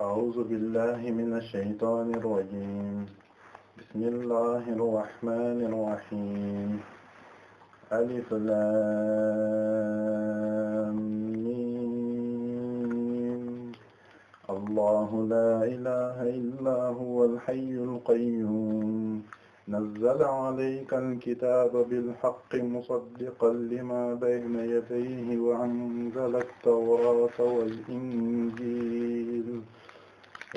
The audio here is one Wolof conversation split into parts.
أعوذ بالله من الشيطان الرجيم بسم الله الرحمن الرحيم ألف لام ميم الله لا إله إلا هو الحي القيوم nazzala alayka alkitaaba bilhaqqi musaddiqan lima bayna yadayhi wa anzala attawraata wal injiil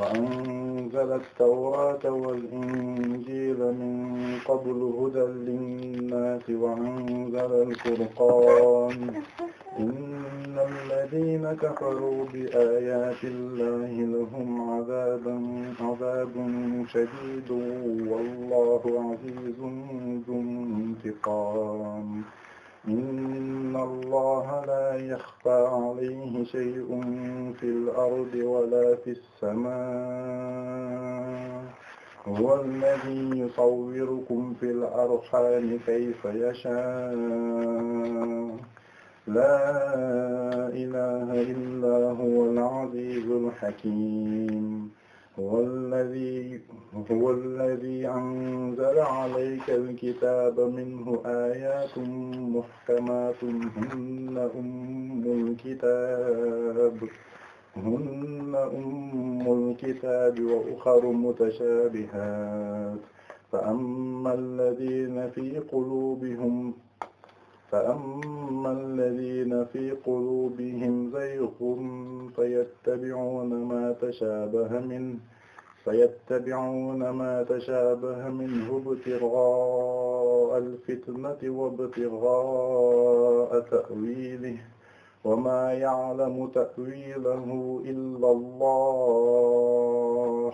وأنزل التوراة والإنجيل من قبل هدى للناس وأنزل الفرقان إن الذين كفروا بآيات الله لهم عذاب عذاب شديد والله عزيز ذو انتقام inna allaha laa yaxfaa alayhi shay'un fil ardi wala fis samaa huwa alladhi yusawwirukum fil arhami kayfa yashaa laa ilaaha illaa huwa al-'aziizul hakiim والذي هو الذي أنزل عليك الكتاب منه آيات محكمات هن أم الكتاب هن أم الكتاب وأخر متشابهات فأما الذين في قلوبهم فأما الذين في قلوبهم زيغ فيتبعون ما تشابه منه فيتبعون ما تشابه منه ابتغاء الفتنة وابتغاء تأويله وما يعلم تأويله إلا الله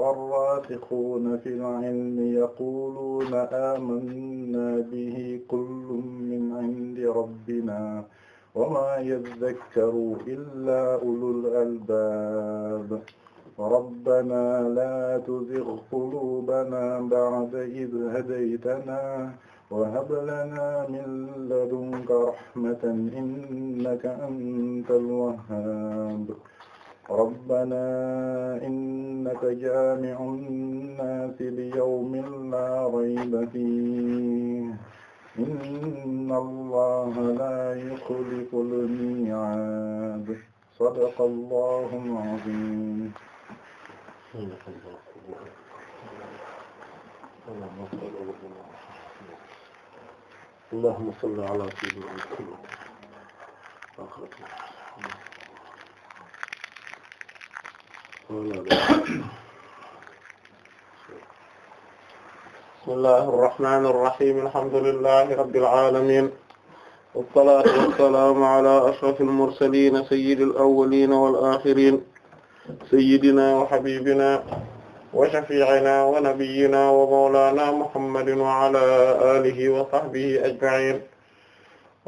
والراسخون في العلم يقولون آمنا به كل من عند ربنا وما يذكر إلا أولو الألباب ربنا لا تزغ قلوبنا بعد إذ هديتنا وهب لنا من لدنك رحمة إنك أنت الوهاب ربنا إنك جامع الناس ليوم لا ريب فيه إن الله لا يخلف الميعاد صدق الله العظيم اللهم صل على سيدنا محمد bismillahi irrahmani irrahim alhamdulillahi rabbil alamin wassalatu wassalaamu ala ashrafil mursalin sayyidil awwalin wal akhirin sayyidina wa habibina wa shafi'ina wa nabiyyina wa mawlana muhammadin wa ala alihi wa sahbihi ajma'in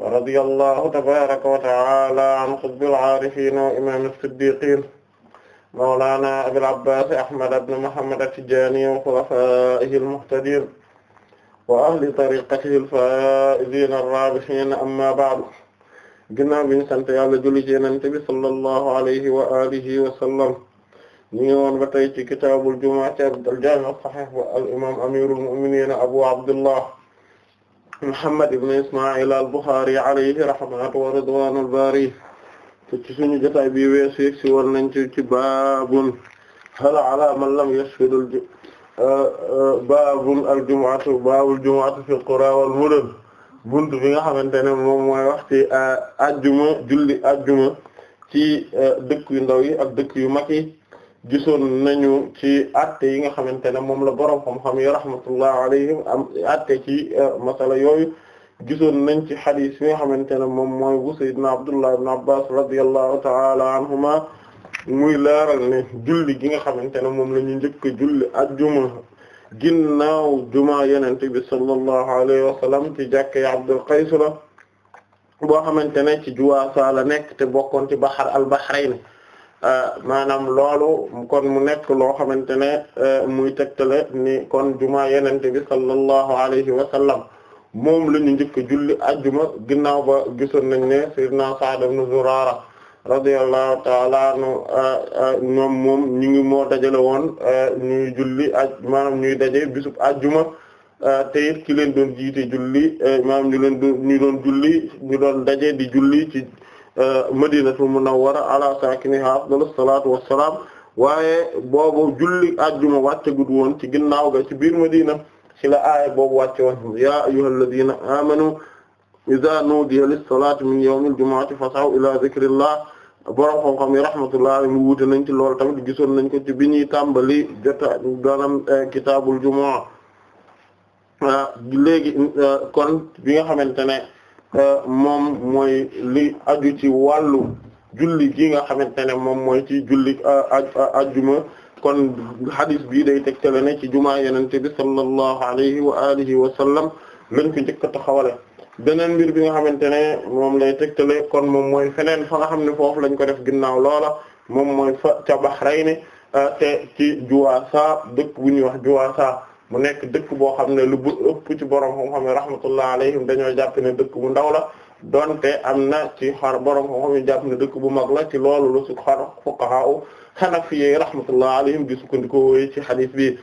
wa radiyallahu tabaraka wa ta'ala an qutbil arifin wa imam as-siddiqin mawlana abil abbas ahmad ibn muhammad at-tijani wa khulafaihi al-muhtadin wa ahli tariqatihi al-faizin ar-rabihin amma ba'd ginnaaw bi ñu sant yàlla julli ci Yonent bi sallallahu alayhi wa alihi wa sallam ñu ngi woon ba tey ci kitaabul jumaa ci al-jaami' as-sahih wa al-imam amirul mu'minin abu abdullah muhammad ibn isma'il al-bukhari alayhi rahmatu wa ridwanul bari ci suñu jotaay bi weesu yëg si war nañ ci ci baabun hal ala man lam yashhadul baabun al jumu'atu baabul jumu'atu fi qura wal mudun bunt bi nga xamante ne moom mooy wax ci ajjuma julli ajjuma ci dëkk yu ndaw yi ak dëkk yu mag yi gisoon nañu ci atte yi nga xamante ne moom la boroom xam-xam yi rahmatullah alayhim am atte ci masala yooyu gisoon nañ ci xadis si nga xamante ne moom mooy bu sayyidina Abdullah ibn Abbas radiyallahu ta'ala anhuma muy leeral ne julli gi nga xamante ne moom la ñu njëkk a julli ajjuma ginnaaw juma yonent bi sallallahu alayhi wa ci jàkkee Abdul Qays boo xamante ne ci Juwaasa la nekk te bokkoon ci Bahar al-Bahrayn ah, maanaam loolu kon mu nekk loo xamante ne ah, muy tegtale ni kon juma yonent bi sallallahu alayhi wa moom la ñu njëkk julli ajjuma ginnaaw ba gisoon nañ ne sayyidina Sa'd ibn Zurara radiyallahu ta'ala anhu euh, euh, ñoom moom ñu ngi moo dajale woon euh, ñuy julli aj maanaam ñuy daje bisub ajjuma te it ki leen doon jiite julli maanaam ñu leen doon ñu doon julli ñu doon daje di julli ci Madinatul Munawwara ala sakiniha afdalus salatu wassalaam waaye boobu julli ajjuma wàccagut woon ci ginnaaw ga ci biir Madina ci la aaya boobu wàcce woon yaa ayyuhal ladina amanu iza nudiya lis salati min yawmil jumu'ati fasaw ila zikrillah borom xam-xam yi rahmatullah mu wuute nañ ci loolu tamit gisoon nañ ko ci bi ñuy tàmbali jota ganam eh, kitaabul jumu'a ah, léegi eh, kon bi nga xamante ne eh, moom mooy li aju ci wàllu julli gi nga xamante ne moom moy ci julli ajjuma kon hadis bii day tegtale ne ci jumaa yenente bi sallallahu alayhi wa alihi wa sallam lañ ko njëkk a taxawale beneen mbir bi nga xamante ne moom lay tegtale kon moom mooy feneen fa nga xam ne foofu lañ ko def ginnaaw loola moom mooy fa ca Bahrayn te ci Juwaasa dëkk bu ñuy wax Juwaasa mu nekk dëkk boo xam ne lu bu ëpp ci borom xam-xam ne rahmatullah alayhim dañoo jàpp ne dëkk bu ndaw la donte am na ci xar borom xam ñu na dëkk bu mag la ci loolu lu su xar fuqaha hanafiyyi rahmatullah alayhim di sukkandiku wooyu ci hadith bi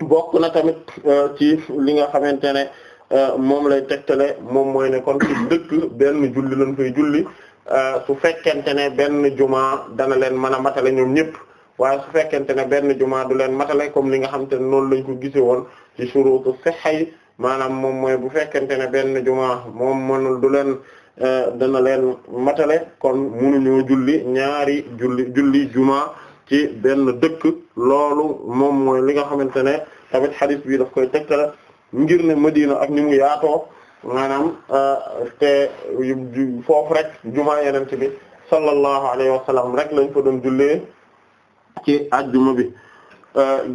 bokk na tamit euh, ci li nga xamante ne euh, moom lay tegtale moom mooy ne kon ci dëkk benn julli lañ fay julli euh, su fekkente ne benn juma dana leen mën a matale ñoom ñëpp waaye su fekkente ne benn juma du leen matale comme li nga xamante ne noonu lañ ko gise woon ci shurutu sihha maanaam moom mooy bu fekkente ne benn juma moom mënul du leen euh, dana leen matale kon munuñoo julli ñaari julli julli juma ci benn dëkk loolu moom mooy li nga xamante ne tamit hadith bi daf koy teg tegtale ngir ne Medina ak ni mu yaatoo maanaam euh, foofu rek juma yeneen bi sallallahu alayhi wa rek lañ ko doon jullee ci ajjuma bi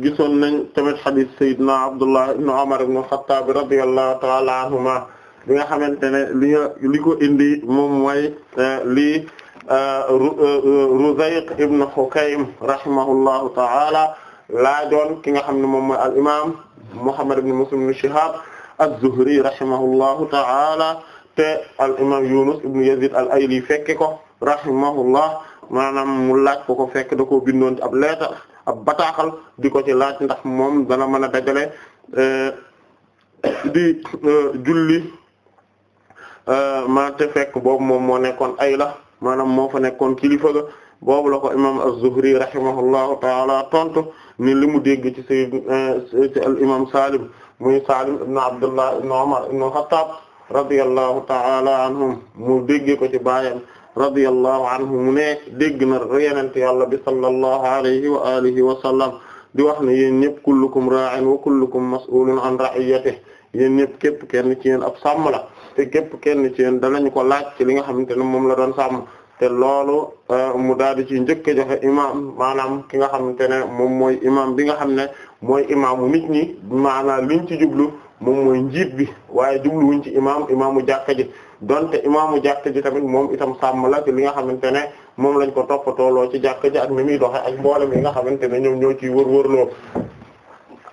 gisoon nañ tamit hadith sayyidina Abdullah ibn Umar ibn Khattab radiyallahu ta'ala anhuma bi nga xamante ne li li ko indi moom mooy eh, lii eh, eh, Ruzayq ibn Hukaym rahimahullahu ki nga xam ne moom mooy al imaam Muhammad ibn Muslim ibn Shihab az-Zuhri rahimahullahu ta'ala te al imaam Yunus ibn Yazid al-Ayli fekke ko rahimahullah maanaam mu laaj ko ko fekk da koo bindoon ab a bataaxal di ko ci laaj ndax moom dana mën a dajale eh, di eh, julli eh, ma te fekk boobu moom moo nekkoon ay la maanaam moo fa nekkoon kilifa ga boobu la ko imam az-Zuhri rahimahullahu taala tontu ni li mu dégg ci sayyid ci al imam Salim muy Salim ibn Abdullah ibn Umar ibn Khattab radiyallahu taala anhum mu déggee ko ci baayam radiyallahu anhu mu ne dégg na yenente yàlla bi sallallahu alayhi wa alihi wa sallam di wax ne yéen ñëpp kullukum ra'in wa kullukum mas'ulun an ra'iyatihi yéen ñëpp képp kenn ci yéen ab sàmm la te képp kenn ci yéen danañu ko laaj ci li nga xamante ne moom la doon sàmm te loolu euh, mu daal di ci njëkk a joxe imaam maanaam ki nga xam ne moom mooy imaam bi nga xam ne mooy imaamu nit ñi maanaam liñ ci jublu moom mooy njiit bi waaye jubluwuñ ci imaam imaamu jàkka ji donte imaamu jàkka ji tamit moom itam sàmm la ci li nga xamante ne moom lañ ko toppatooloo ci jàkka ji ak ni muy doxe ak mboolem yi nga xamante ne ñoom ñoo ciy wër-wërloo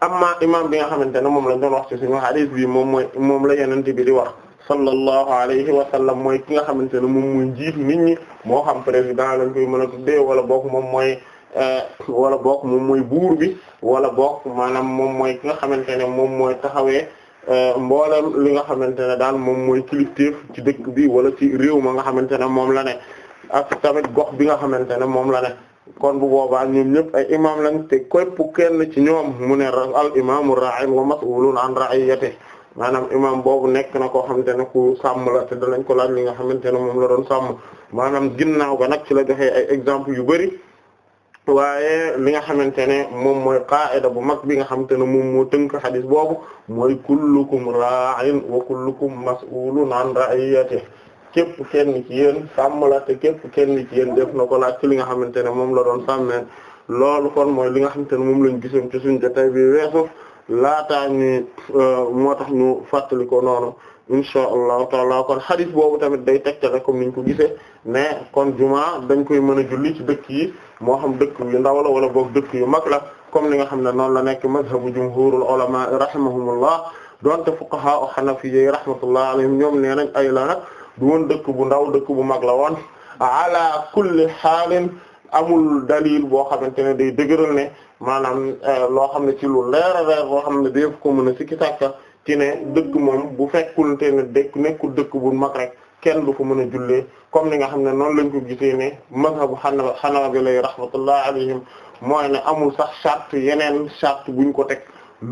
amma imaam bi nga xamante ne moom lañ doon wax ci suñu hadith bi moom mooy moom la yeneen bi di wax. sallallahu alayhi wa sallam mooy ki nga xamante ne moom mooy njiitu nit ñi moo xam président lañ koy mën a tuddee wala boog moom mooy eh, wala boog moom mooy buur bi wala boog maanaam moom mooy ki nga xamante ne moom mooy taxawee Euh, mboolem li nga xamante ne daal moom mooy kilifteef ci dëkk bi wala ci réew ma nga xamante ne moom la ne ak tamit gox bi nga xamante ne moom la ne kon bu boobaa ñoom ñëpp ay imam lañ te képp kenn ci ñoom mu ne al imamu ra'in wa mas'ulun an ra'iyatihi maanaam imam boobu nekk na koo xam ne ku sàmm la te danañ ko laaj li nga xamante ne moom la doon sàmm maanaam naaw ba nag ci la joxee ay exemple yu bari waaye li nga xamante ne moom mooy qaa'ida bu mag bi nga xamante ne moom moo tënk xadis boobu mooy kullukum raa'in wa kullukum mas'ulun an ra'iyatihi képp kenn ci yéen sàmm la te kenn ci yéen def na ko laaj ci li nga xamante ne moom la doon sàmmeen loolu kon mooy li nga xamante ne moom lañ gisoon ci suñu jotaay bi weesu laata ñu euh, moo tax ñu fàttali ko noonu insha allahu taala kon hadith boobu tamit day tegtale comme niñ ko gisee mais kon juma dañ koy mën a julli ci dëkk yi moo xam dëkk yu ndaw la wala boog dëkk yu mag la comme li nga xam ne noonu la nekk mazhabu jumhurul ulama rahimahumullah donte fuqaha o hanafi yi rahmatullah alayhim ñoom nee nañ ay la du woon dëkk bu ndaw dëkk bu mag la woon ala kulli xaalin amul dalil boo xamante ne day dëgëral ne maanaam eh, loo xam ne ci lu leer a leer boo xam ne def ko mën a sikki sàkka ci ne dëkk moom bu fekkul te ne dëkk nekkul dëkk bu mag rek kenn du ko mën a jullee comme ni nga xam ne noonu lañ ko gisee ne mazhabu xanaa xanaa bi lay rahmatullah alayhim mooy ne amul sax charte yeneen charte buñ ko teg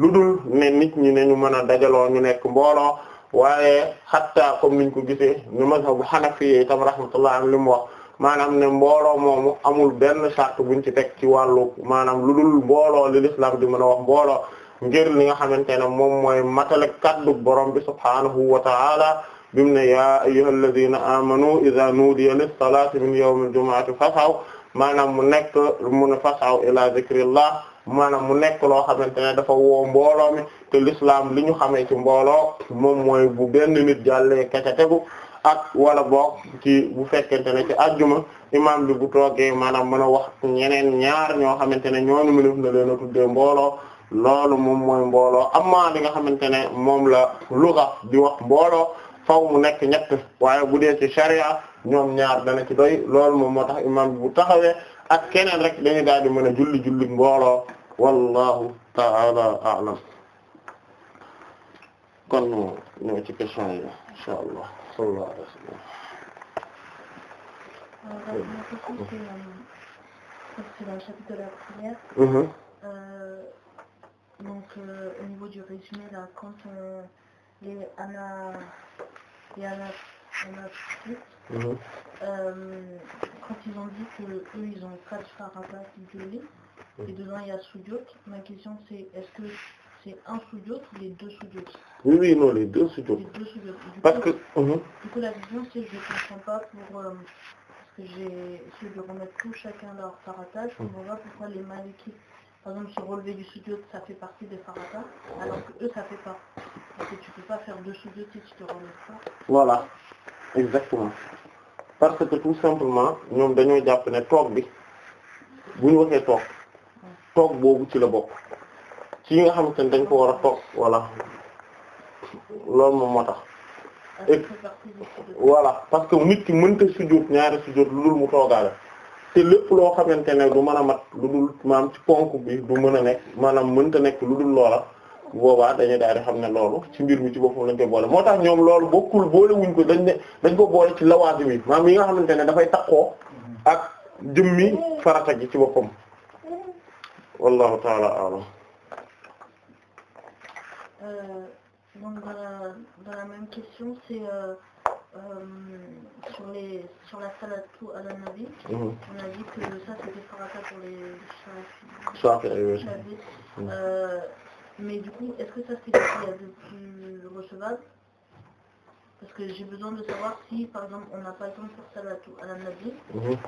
lu dul ne nit ñi ne ñu mën a dajaloo ñu nekk mbooloo waaye xatta comme niñ ko gisee ñu mazhabu xanafi itam rahmatullah am li mu wax maanaam ne mbooloo moomu amul benn charte buñ ci teg ci wàllu maanaam lu dul mbooloo li l'islam di mën a wax mbooloo ngir li nga xamante ne moom mooy matale kaddu borom bi subhaanahu wa ta'ala bimu ne yaa ayyuhal ladhina amanu idha nudiya lis-salati min yawmil jumu'ati fasaw maanaam mu nekk mu ne fasaw ila dhikrillah maanaam mu nekk loo xamante ne dafa woo mbooloo mi te l'islam li ñu xamee ci mbooloo moom mooy bu benn nit jàllee kese tegu ak wala boog ci bu fekkente ne ci ajjuma imam bi bu toogee maanaam mën a wax ñeneen ñaar ñoo xamante ne ñooñu mënef na leen a tuddee mbooloo loolu moom mooy mbooloo amma li nga xamante ne moom la luga diwax wax mbooloo faw mu nekk ñett waaye bu dee ci sharia ñoom ñaar dana ci doy loolu moom moo tax imam bi bu taxawee ak keneen rek di mën a julli julli mbooloo wallahu ta'ala a'lam kon ñu ñëw yi insha allah sallallahu alayhi wasallam donc euh, au niveau du résumé, là, quand on, euh, ana, les ana, ana mmh. quand ils ont dit que eux, quatre farabas isolés, mmh. et mhm. dedans il y a soudiote, ma question c'est, est-ce que un soudiote ou les deux soudiotes Oui, oui, non, les deux soudiotes. Les deux soudiotes. Du mhm. euh, Parce que... j'ai essayé de remettre tout chacun leur paratage, on voit pourquoi les malékites par exemple se relever du Parce que tu exactement. parce que tout simplement ñoom dañoo jàpp ne toog bi bu ñu waxee toog toog boobu ci la bokk ci yi nga xamante ne dañ ko war a toog voilà loolu moom moo tax et voilà parce que nit ki mënta sujoud ñaari sujoud lu dul mu toogaale te lépp loo xamante ne du mën a mat lu dul maanaam ci ponk bi du mën a nekk maanaam mënta nekk lu dul loola boobaa dañu daal di xam ne loolu ci mbir mi ci boppam lañ koy moo tax ñoom loolu bokkul boole wuñ ko dañ ne ko boole ci lawaazim yi maanaam yi nga xamante ne dafay takkoo ak jëmmi farata ji ci boppam wallahu taala alam mon euh, dans la même sur euh, les sur la salatu ala nabi. on a dit que ça c'était farata pour les. Chafi'i. Chafi'i. Mhm. Euh, mais du coup est-ce que ça c'est ce qu'il y a de plus recevable? parce que j'ai besoin de savoir si par exemple on n'a pas le temps pour salatu ala nabi.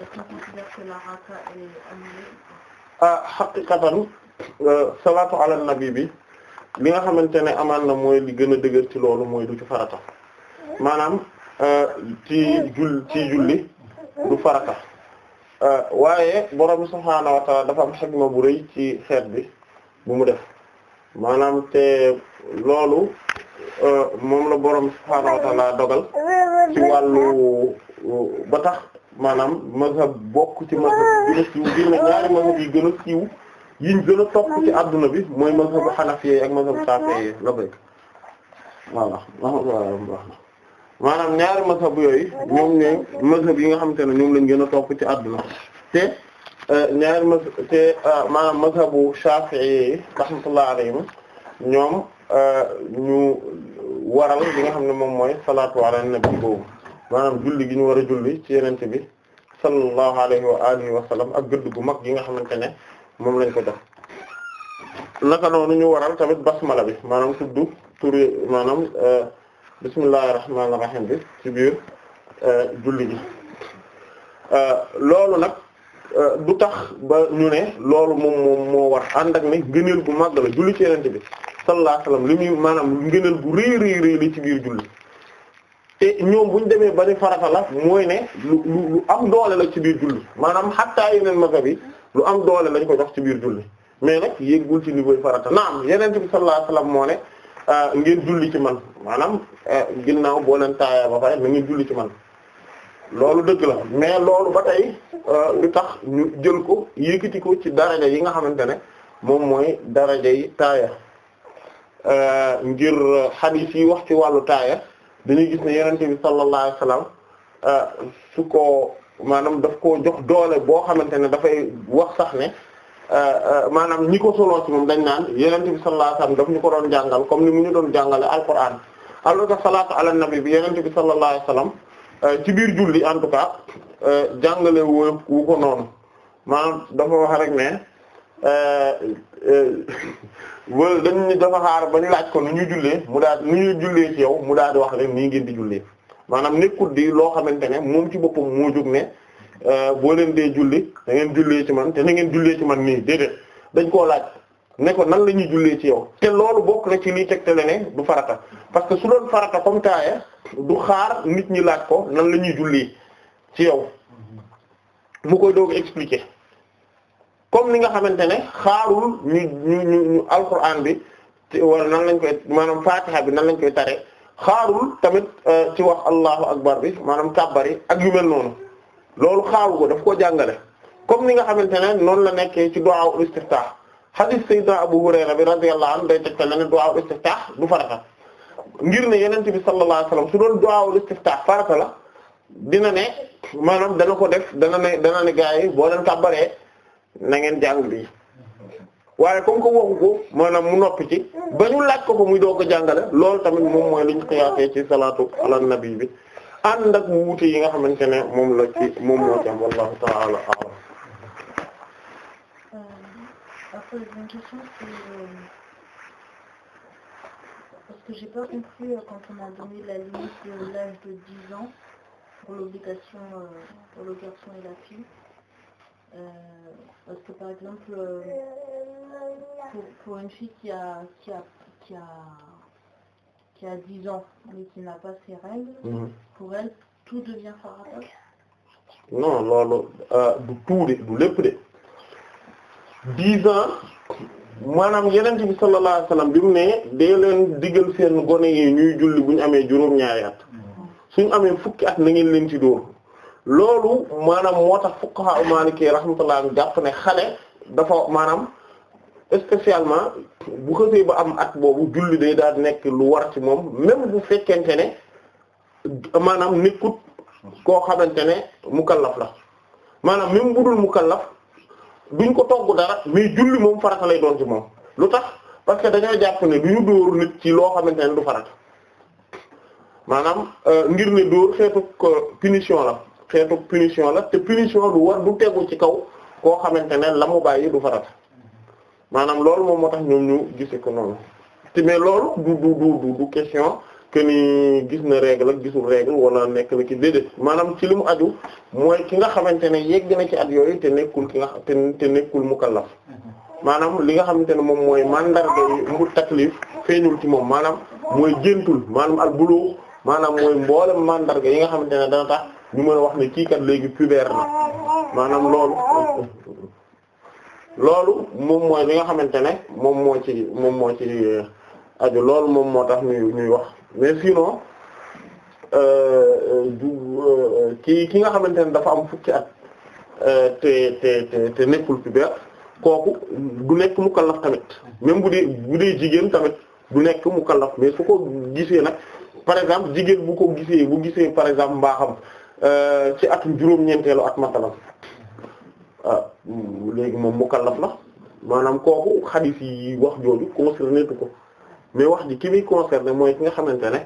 est-ce qu'on considère que la raka est annulée? ah haqiqatan salatu euh, ala nabi bi li nga xamante ne amaan na mooy li gën a dëgër ci loolu mooy du ci farata maanaam. ci jul ci julli du farata waaye borom subhaanahu wa dafa am xegma bu rëy ci xeet bi bu mu def maanaam te loolu moom la borom subhaanahu wa dogal ci wàllu ba tax maanaam mazhab bokk ci mazhab gën a siiw biir na ñaari mazhab yi gën a siiw yiñ gën a topp ci adduna bi mooy mazhabu xanafiye ak mazhabu saafeye la maanaam ñaari mazhab yooyu ñoom ñooy mazhab yi nga xamante ne ñoom lañ gën a topp ci àdduna te euh, ñaari ma te euh, maanaam mazhabu Shafi'i rahmatullah alayhim ñoom euh, ñu waral li nga xam ne moom mooy salaatu ala nabi boobu maanaam julli gi ñu war a julli ci yenente bi sallallahu alayhi wa alihi wa ak gëdd gu mag gi nga xamante ne moom lañ ko def naka noonu ñu waral tamit basmala bi maanaam tudd turi maanaam bismillahir rahmanir rahim bi ci biir euh, julli bi euh, loolu nag euh, du tax ba ñu ne loolu moom moom moo war ànd ak ne ngëneel bu màgg la julli ci yenente bi sallallahu alayhi li muy maanaam ngëneel bu réy réy réy li ci biir julli te ñoom bu demee ba ni farata la mooy ne lu lu am doole la ci biir julli maanaam xattaa yeneen masa bi lu am doole lañ ko jox ci biir julli mais nag yéggul ci niveau farata naam yeneen bi sallallahu alayhi wasallam moo ne Ah, ngir julli ci man maanaam ah, ginnaaw boo leen taaya ba pare na julli ci man loolu dëgg la mais loolu ba tey ah, lu tax ñu jël ko yëkkati ko ci daraja yi nga xamante ne moom mooy daraja yi taaya ngir hadith yi wax ci wàllu taaya dañuy gis ne yonent bi sallallahu alayhi wasallam su ko maanaam daf ko jox doole boo xamante ne dafay wax sax ne Euh, euh, maanaam ñi ko soloo ci moom dañ naan yenente bi sallallahu alayhi wasallam daf ñu ko doon jàngal comme ni mu ñu doon jàngale alquran alors que salaatu ala nabi bi yenente bi sallallahu alayhi wasallam euh, ci biir julli en tout cas jàngale wu wu ko noonu maanaam dafa wax rek ne wala dañ ñu dafa xaar ba ñu laaj ko nu ñuy jullee mu daal nu ñuy jullee ci yow mu daal di wax rek nii ngeen di jullee maanaam nekkul di loo xamante ne moom ci boppam moo jóg ne Euh, boo leen dee julli da ngeen jullee ci man te na ngeen jullee ci man nii déedéet dañ koo laaj ne ko nan la ñuy jullee ci yow te loolu bokk na ci liy tegtale ne du farata parce que su doon farata comme taaya du xaar nit ñi laaj ko nan la ñuy jullee ci yow mu koy doog expliquer comme ni nga xamante ne xaarul ñu ñu ñu ñu alquran bi wala nan lañ koy maanaam fatiha bi nan lañ koy tare xaarul tamit euh, ci wax allahu akbar bi maanaam kàbbari ak yu mel noonu. loolu xaaru ko daf koo jàngale comme ni nga xamante ne noonu la nekkee ci du'a ul istiftah hadith sayyidina Abu Hurayra bi radiyallahu anhu day tegtal ne du'a ul istiftah du farata ngir ne yonent bi sallallahu alayhi wasallam su doon du'a ul istiftah farata la dina ne maanaam dana ko def dana ne dana ne gaa yi boo leen kàbbaree na ngeen jàng bi waaye comme ko waxu ko maanaam mu noppi ci ba ñu laaj ko ko muy doo ko jàngale loolu tamit moom mooy li ñu xiyaasee ci salaatu ala nabi bi ànd ak wuute yi nga xamante ne moom la am wallahu ta'ala a'lam. après j'ai une question c'est parce que j'ai pas compris euh, quand on a donné la limite de l'âge de 10 ans pour l'obligation euh, pour le garçon et la fille euh, parce que par exemple pour, une fille qui a qui a qui a loolu mhm. ah, du tuude du lépp de dix maanaam yenente bi sallallahu alayhi bi mu ne dee leen digal seen gone yi ñuy julli bu ñu amee juróom-ñaari at suñu amee fukki at na ngeen leen ci loolu maanaam moo tax fuqaha maliki rahmatullah jàpp ne xale dafa maanaam spécialement bu xësee ba am at boobu julli day daal nekk lu war ci moom même bu fekkente ne maanaam nekkut koo xamante ne mu mukallaf la maanaam même bu dul mukallaf duñ ko togg dara mais julli moom farata lay doon ci moom lu tax parce que dañoo jàpp ne du ñu dóor nit ci loo xamante ne du farata maanaam euh, ngir ne dóor xeetu euh, punition la xeetu punition la te punition du war du tegu ci kaw koo xamante ne la mu bàyyi du farata maanaam loolu moom moo tax ñoom ñu gisee ko noonu te mais loolu du du du du question que ni gis na règle ak gisul règle wala nekk na ki déedéet maanaam ci li mu aju mooy ki nga xamante ne yegg na ci at yooyu te nekkul ki nga te te nekkul mukallaf maanaam li nga xamante ne moom mooy mandarga mu taklif feeñul ci moom maanaam mooy géntul maanaam al bulugh maanaam mooy mboolem màndarga yi nga xamante ne dana tax ñu mën a wax ne kii kat léegi pubère na maanaam loolu. loolu moom mooy li nga xamante ne moom moo ci moom moo ci euh, aju loolu moom moo tax ñuy ñuy wax mais sinon euh, du euh, ki ki nga xamante ne dafa am fukki at te te te te nekkul pubère kooku du nekk mukallaf tamit même bu dee bu dee jigéen tamit du nekk mukallaf mais su ko gisee nag par exemple jigéen bu ko gisee bu gisee par exemple mbaaxam ci atum juróom-ñeenteelu at matalam léegi moom mukallaf la maanaam kooku xadis yi wax jooju concerné tu ko mais wax ji ki muy concerné mooy ki nga xamante ne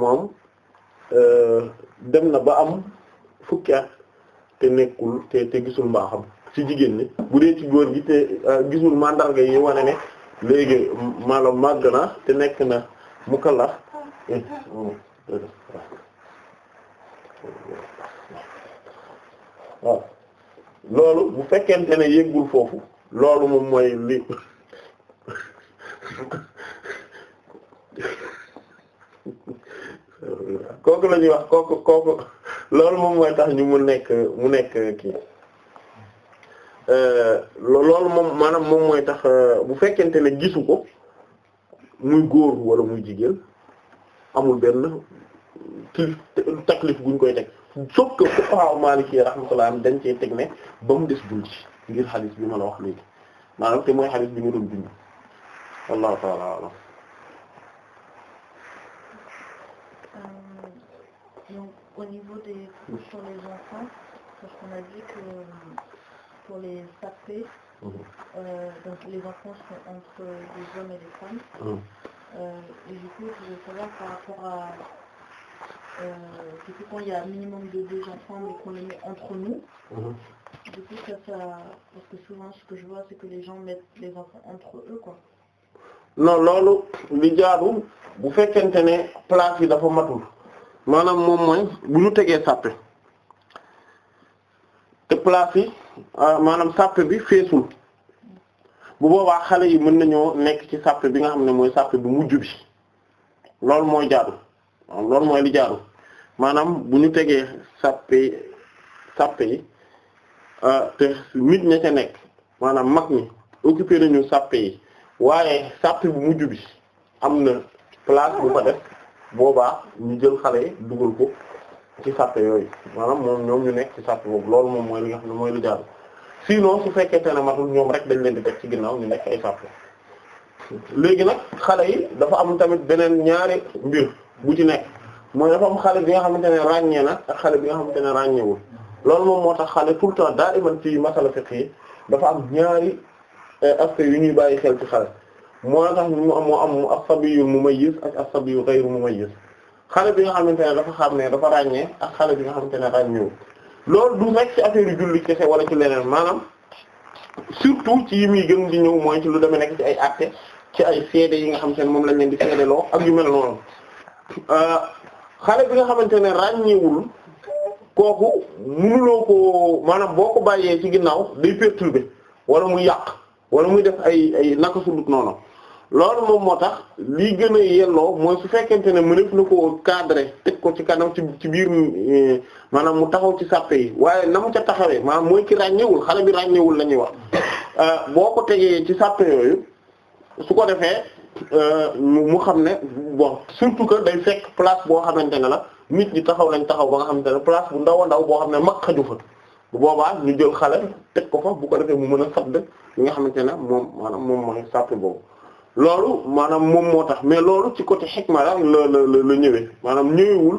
moom dem na ba am fukki at te nekkul te gisul mbaaxam ci jigéen ñi bu dee ci góor gi te gisul mandarga yi wane ne léegi maanaam màgg na te nekk na mukallaf waaw loolu bu fekkente ne yëggul foofu loolu moom mooy li kooku la ñuy wax kooku kooku loolu moom mooy tax ñu mu nekk mu nekk kii euh, loolu moom maanaam moom mooy tax euh, bu fekkente ne gisu ko muy góor wala muy jigéen amul benn kii taklif guñ koy teg sauf que fuqaha Maliki rahmatullah dañ cee teg ne ba mu des julli ngir xadis bi ma wax léegi maanaam te mooy xadis bi nga doon dund wallahu ta'ala a'lam euh, donc au niveau des couches sur les enfants parce qu'on a dit que euh, pour les sapés mhm. euh, donc les enfants sont entre les hommes et les femmes mmh. euh, et par rapport Euh, depuis quand il y a un minimum loolu li jaadu bu fekkente ne place yi dafa matul maanaam moom mooy bu ñu tegee sàppe te place yi ah, maanaam sàppe bi feesul bu boobaa xale yi mën nañoo nekk ci sàppe bi nga xam ne mooy sàppe bi mujj bi loolu mooy jaadu loolu mooy li jaarul maanaam bu ñu tegee sàppe yi sàppe yi ah, te nit ña ca nekk maanaam mag ñi occupé nañu sàppe yi waaye sàppe bu mujj bi am na place bu fa def boobaa ñu jël xale yi dugal ko ci sàppe yooyu maanaam moom ñoom ñu nekk ci sàppe boobu loolu moom mooy li nga xam ne mooy li jaarul sinon su fekkee ne matul ñoom rek dañ leen di teg ci ginnaaw ñu nekk ay sàppe léegi nag xale yi dafa am tamit beneen ñaari mbir bu ci nekk mooy dafa xale bi nga xamante ne ràññee na ak xale bi nga xamante ne ràññeewul loolu moom moo tax xale tout le temps daa iman ci a fiqh yi dafa am ñaari eh, aspect yu ñuy bàyyi xel ci xale moo tax mu am moo am as-sabiyyu mumayyiz ak as-sabiyyu ghayru mumayyiz xale bi nga xamante ne dafa xam dafa ràññee ak xale bi nga xamante ne ràññewul loolu du rek ci affaire yu julli kese wala ci leneen maanaam surtout ci yi muy gën di ñëw mooy ci lu demee nekk ci ay acte ci ay seede yi nga xamante ne moom lañ leen di loo ak yu mel noonu Euh, xale bi nga xamante ne ràññewul kooku mënuloo ko maanaam boo ko bàyyee ci ginnaaw day perturber wala mu yàq wala muy def ay ay naka sudut noonu loolu moom moo tax lii gën a yelloo mooy su fekkente ne mëneef na ko cadré teg ko ci kanam ci ci biir euh, maanaam mu taxaw ci sàppe yi waaye na mu ca taxawee maanaam mooy ki ràññewul xale bi ràññewul la ñuy wax euh, boo ko tegee ci sàppe yooyu su ko defee Euh, mu xam ne bon surtout que day fekk place boo xamante ne la nit ñi taxaw lañ taxaw ba nga xamante ne place bu ndaw ndaw boo xam ne mag xaju fa bu boobaa ñu jël xale teg ko fa bu ko defee mu mën a de li nga xamante ne moom maanaam moom mooy sàpp boobu loolu maanaam moom moo tax mais loolu ci côté xikma la la la la ñëwee maanaam ñëwewul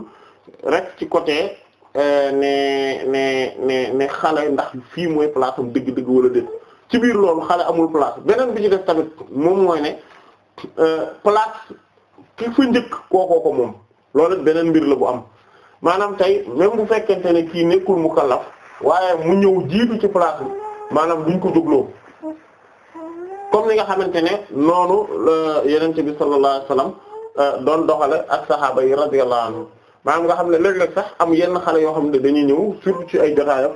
rek ci côté euh, ne ne ne ne ndax fii mooy place dëgg-dëgg wala déet ci biir loolu xale amul beneen bi ci def tamit moom mooy ne Euh, place ki fa njëkk kookoo ko moom loolu beneen mbir la bu am maanaam tey même bu fekkente ne kii nekkul mukallaf waaye mu ñëw jiitu ci place bi maanaam duñ ko jógloo comme ni nga xamante ne noonu yenente bi sallallahu alayhi wasallam euh, doon doxale ak sahaaba yi radiyallahu anhu maanaam nga xam ne léeg-léeg sax am yenn xale yoo xam ne dañuy ñëw surtout ci ay jotaayam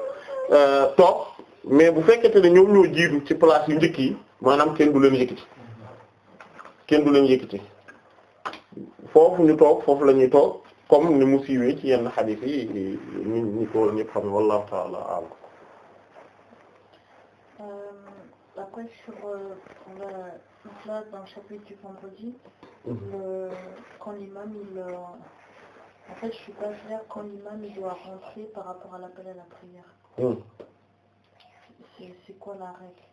euh, toog mais bu fekkente ne ñoom ñoo jiitu ci place yu njëkk yi maanaam kenn du leen yëkkati kenn du leen yëkkati foofu ñu toog foofu la ñuy toog comme ni mu siiwee ci yenn xadiis yi ñu ñu ko ñëpp xam ne wallahu euh, sur euh, on chapitre du vendredi mhm. quand l'imam il euh, en fait je suis pas claire quand l'imam il doit rentrer par rapport à l'appel à la prière mm. la règle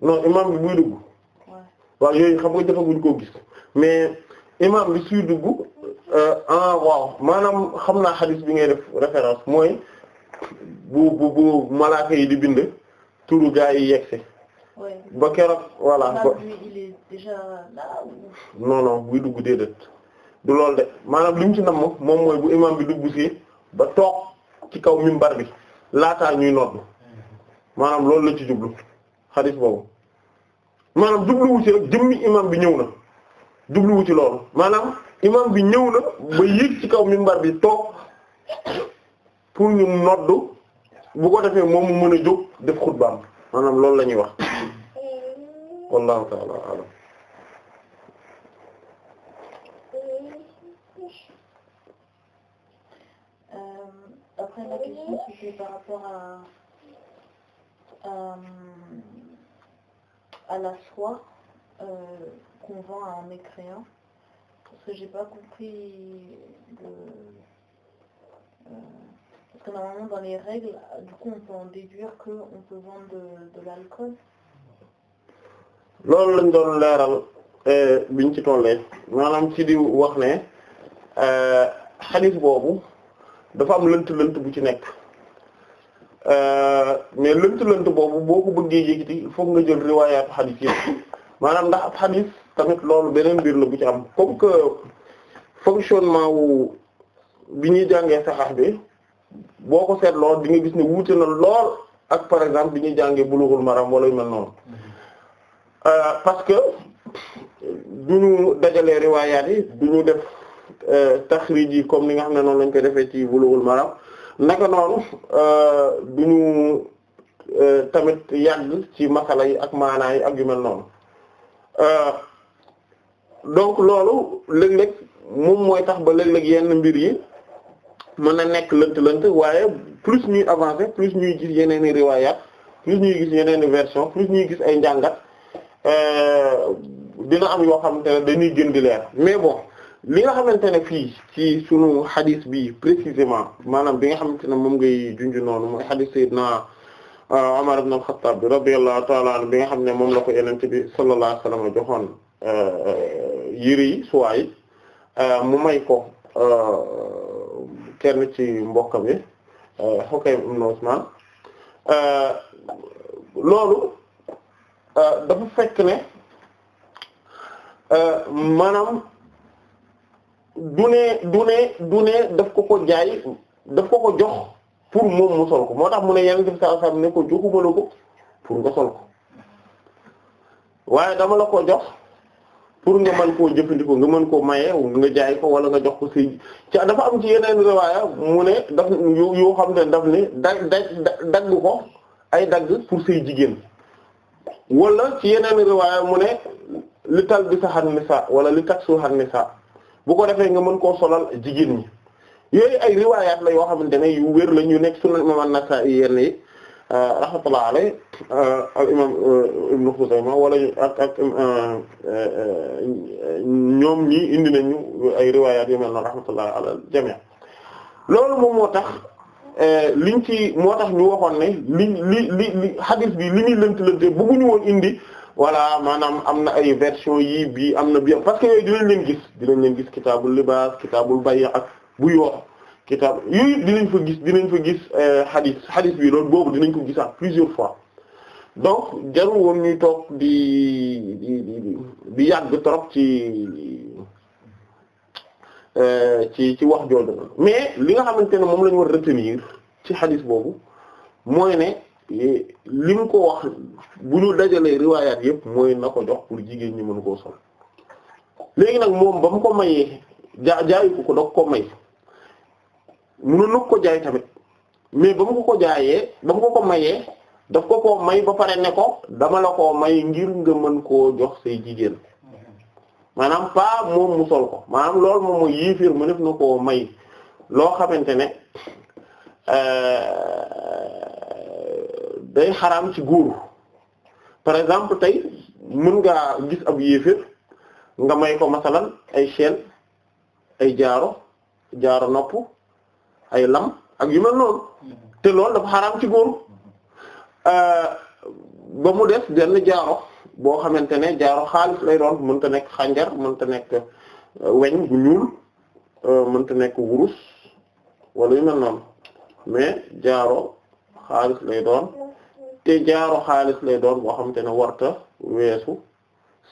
non imam bi buy dugg waaw yooyu xam nga jotaguñ koo gis mais imam bi suy dugg euh, ah maanaam xam naa xadis bi ngay def référence mooy bu bu bu malaaka di bind turu gaa yi yegsi ba keroog voilà ba non non buy dugg déedéet du loolu de maanaam li mu ci nam moom mooy bu imam bi dugg si ba toog ci kaw mimbar bi laataal ñuy nodd mm-hmm. maanaam loolu la ci jublu xadis boobu maanaam jubluwu ci rek jëmmi imam bi ñëw na jubluwu ci lool maanaam imam bi ñëw na ba yéeg ci kaw minbar bi toog pour ñu nodd bu ko defee moom mu mën a jóg def xutbaam maanaam loolu lañuy wax à la soie euh, qu'on vend à un mécréant. Parce que j'ai pas compris le... Euh, parce que dans les règles, du on peut déduire qu'on peut vendre de, de l'alcool. loolu lañ doon leeral biñ ci tollee maanaam ci di wax ne euh, xadiis boobu dafa am lënt-lënt bu ci nekk Euh, mais lënt-lënt boobu boo ko bëggee yëkkati il faut nga jël riwaayaat xadis yëpp maanaam ndax ab xadis tamit lool beneen biir la bu ci am comme que fonctionnement wu bi ñuy jàngee saxaax bi boo ko seetloo di nga gis ne wuute na lool ak par exemple bi ñuy jàngee bulughul maram wala yu mel noonu euh, parce que ñu dajalee riwaayaat yi du duñu def euh, taxrij yi comme ni nga xam ne noonu lañ koy defee ci bulughul maram naka noonu euh, du ñu euh, tamit yàgg ci masala yi ak maanaa yi ak yu mel noonu euh, donc loolu léeg-léeg moom mooy tax ba léeg-léeg yenn mbir yi mën na nekk lënt-lënt waaye plus ñuy avancer plus ñuy gis yeneen i riwaayaat plus ñuy gis yeneen i version plus ñuy gis ay njàngat dina am yoo xam ne dañuy gën di leer mais bon. li nga xamante ne fii ci sunu xadis bi précisément maanaam bi nga xamante ne moom ngay junj noonu mooy xadis sayyidina Umar euh, ibn al-Khattab bi radiyallahu ta'ala bi nga xam ne moom la ko yonent bi sallallahu alayhi wasallam joxoon euh, yére yi suwaay euh, mu may ko kenn ci mbokkam bi Hukaym ibn Usman loolu dafa fekk ne maanaam du ne dune ne daf ko ko jaay daf ko ko jox pour moom mu sol ko moo tax mu ne yan def saa saa ne ko joxuma la ko pour nga sol ko waaye dama la ko jox pour nga mën koo jëfandikoo nga mën koo maye nga jaay ko wala nga jox ko si dafa am ci yeneen riwaaya mu ne daf yoo xam ne daf ne da dagg ko ay dagg pour say jigéen wala ci yeneen riwaaya mu ne li tal bi saxan ni sa wala li takk su xan ni sa bu ko defee nga mën koo solal jigéen ñi yooyu ay riwaayaat la yoo xamante ne yu wér la ñu nekk su imam an-Nasa'i yenn yi euh, rahmatullah alayhi euh, al imam euh, ibn Khuzaymah wala indi nañu ay riwaayaat yu mel noonu rahmatullah ala jami' loolu moom moo tax liñ ci moo tax ñu waxoon ne li li li li bi li muy lënt lënte bëgguñu woon indi voilà maanaam am na ay version yii bii am na bi parce que yooyu dinañ leen gis dinañ leen gis kitaabul libaas kitaabul bay ak bu yoo kitaab yooyu dinañ fa gis dinañ fa gis euh, hadith hadith bi loolu boobu dinañ ko gisaat plusieurs fois donc jarul woon toog di di di di yàgg trop ci euh, ci ci wax jooju mais li nga xamante ne moom la ñu war retenir ci hadith boobu mooy ne. lim ko wax bu ñu dajalee riwaayaat yépp mooy na ko jox pour jigéen ñi mën koo sol léegi nag moom ba mu ko mayee jaa jaayu ko ko doog ko may mënu nu ko jaay tamit mais ba mu ko ko jaayee ba mu ko ko mayee daf ko ko may ba pare ne ko dama la ko may ngir nga mën koo jox say jigéen maanaam pas moom mu sol ko maanaam lool moom mooy yiifir mu def na ko may loo xamante ne. Euh, day xaraam ci góor par exemple tey mën ngaa gis ab yéeféer nga may ko masalan ay chaîne ay jaaro jaaro nopp ay lam ak yu mel noonu te lool dafa xaraam ci góor euh, ba mu des benn jaaro boo xamante ne jaaro xaalis lay doon mënta nekk xànjar mënta nekk euh, weñ gu ñuul euh, mënta nekk wurus wala yu mel noonu mais jaaro xaalis lay doon te jaaro xaalis lay doon boo xamante ne warta weesu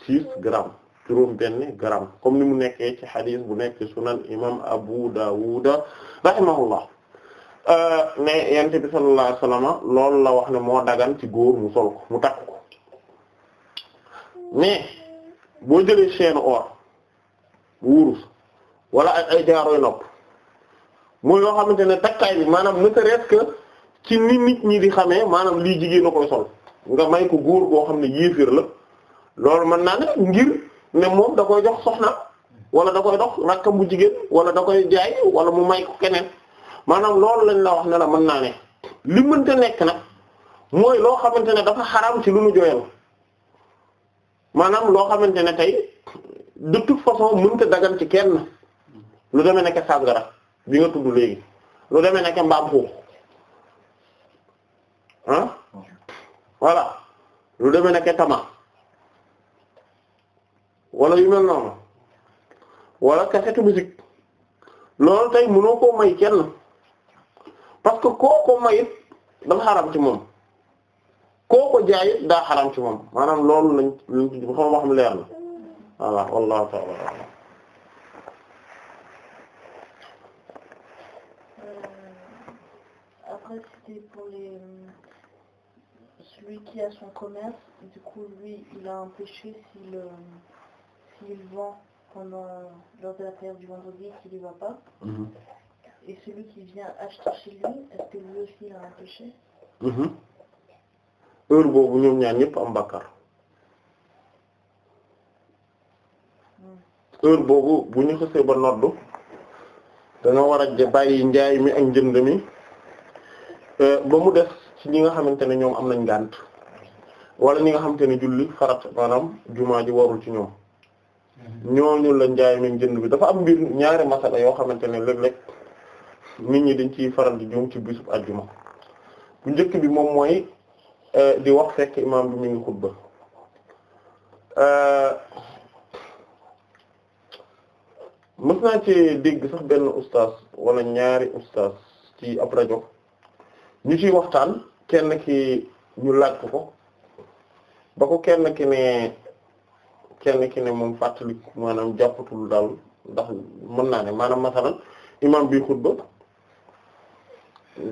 six grammes juróom benn gramme comme ni mu nekkee ci xadis bu nekk sunan imam Abu Dawud rahimahullah euh, ne yente bi sallallahu alayhi wasallam loolu la wax ne moo dagan ci góor mu sol mu takk ko boo jëlee chaîne or wurus wala ay ay jaaro nopp mooy yoo xamante ne takkaay bi maanaam ne serait-ce ci ni nit ñi di xamee maanaam lii jigéen a koy sol nga may ko góor boo xam ne yéefir la loolu mën naa ne ngir ne moom da koy jox soxna wala da koy dox rakkam bu jigéen wala da koy jaay wala mu may ko keneen maanaam loolu lañ la wax ne la mën naa ne li mënta nekk nag mooy loo xamante ne dafa xaraam ci lu nu jooyal maanaam loo xamante ne tey de toute façon mënta dagan ci kenn lu ne ke sàngara bi nga tudd léegi lu ne nekk mbaam xuux ah voilà lu demee nekk tama wala yu mel noonu wala cassette musique loolu tey mënoo ko may kenn parce que koo ko mayit dafa xaram ci moom koo ko jaayit daa xaram ci moom maanaam loolu lañ lañ leer na voilà wallahu ta'ala euh, après celui qui a son commerce, du coup, lui, il a un péché s'il euh, s'il vend pendant, lors de la prière du vendredi et qu'il n'y va pas. Mhm. Et celui qui vient acheter chez lui, est-ce que lui aussi a un mhm. heure boobu ñoom ñaar ñépp am bàkkaar hmm. heure boobu bu ñu xësee ba noddu da nga war a bàyyi njaay mi ak njënd mi euh, ba mu def ñi nga xamante ne ñoom am nañ ngànt wala ñi nga xamante ne julli farat maanaam jumaa ji warul ci ñoom ñooñu la njaay mi jënd bi dafa am mbir ñaari masala yoo xamante ne léeg-léeg nit ñi dañ ciy faral di juum ci bisub àjjuma bu njëkk bi moom mooy euh, di wax fekk imaam bi mu ngi xutba euh, mës naa ci dégg sax benn ustaas wala ñaari ustaas ci ab rajo ñu ci waxtaan kenn ki ñu laaj ko ko ba ko kenn ki ne kenn ki ne moom fàttali maanaam jàppatul daal ndax mën naa ne maanaam masalan imam bi xutba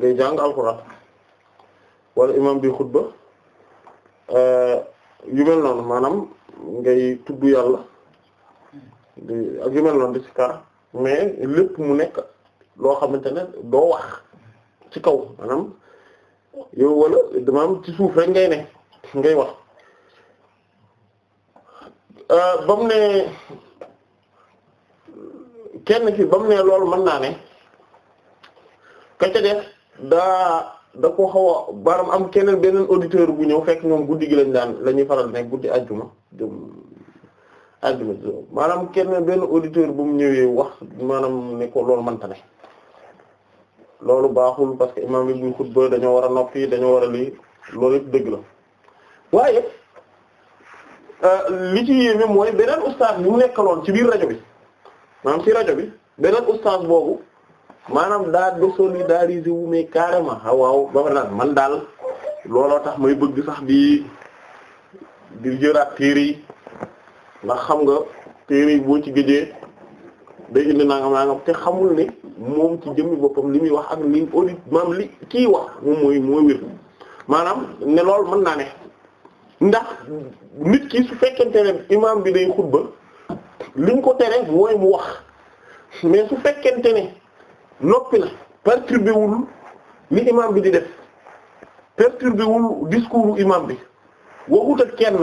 day jàng alxuraan wala imam bi xutba euh, yu mel noonu maanaam ngay tudd yàlla ak yu mel noonu di ci kar mais lépp mu nekk loo xamante ne doo wax ci kaw maanaam yow wala damaam ci suuf rek ngay ne ngay wax euh, ba ne kenn ki ba mu ne loolu mën naa ne ka ca daa da ko xaw a baram am keneen beneen auditeur bu ñëw fekk ñoom guddi gi lañ daan la ñuy faral ne guddi àjjuma jëm àjjuma maanaam kenn benn auditeur bu mu ñëwee wax maanaam ne ko loolu manta ne loolu baaxul parce que imam bi buy xutba dañoo war a noppi dañoo war a lii loolu yëpp dëgg la waaye euh, li ci yéeme mooy beneen ustaas bu nekkaloon ci biir rajo bi maanaam ci rajo bi beneen ustaas boobu maanaam daa désolidariser wu mais carrément ah waaw ba naan man daal looloo tax may bëgg sax bi di jëraat téere yi ndax xam nga téere yi boo ci gëjee day indi nangam nangam te xamul ne moom ci jëmmi boppam li muy wax ak li audit maam li kii wax moom mooy mooy wér maanaam ne loolu mën naa ne ndax nit ki su fekkente ne imaam bi day xutba li mu ko tere mooy mu wax mais su fekkente ne noppi na perturbé wul li imaam bi di def perturbé wul discours u imaam bi waxut ak kenn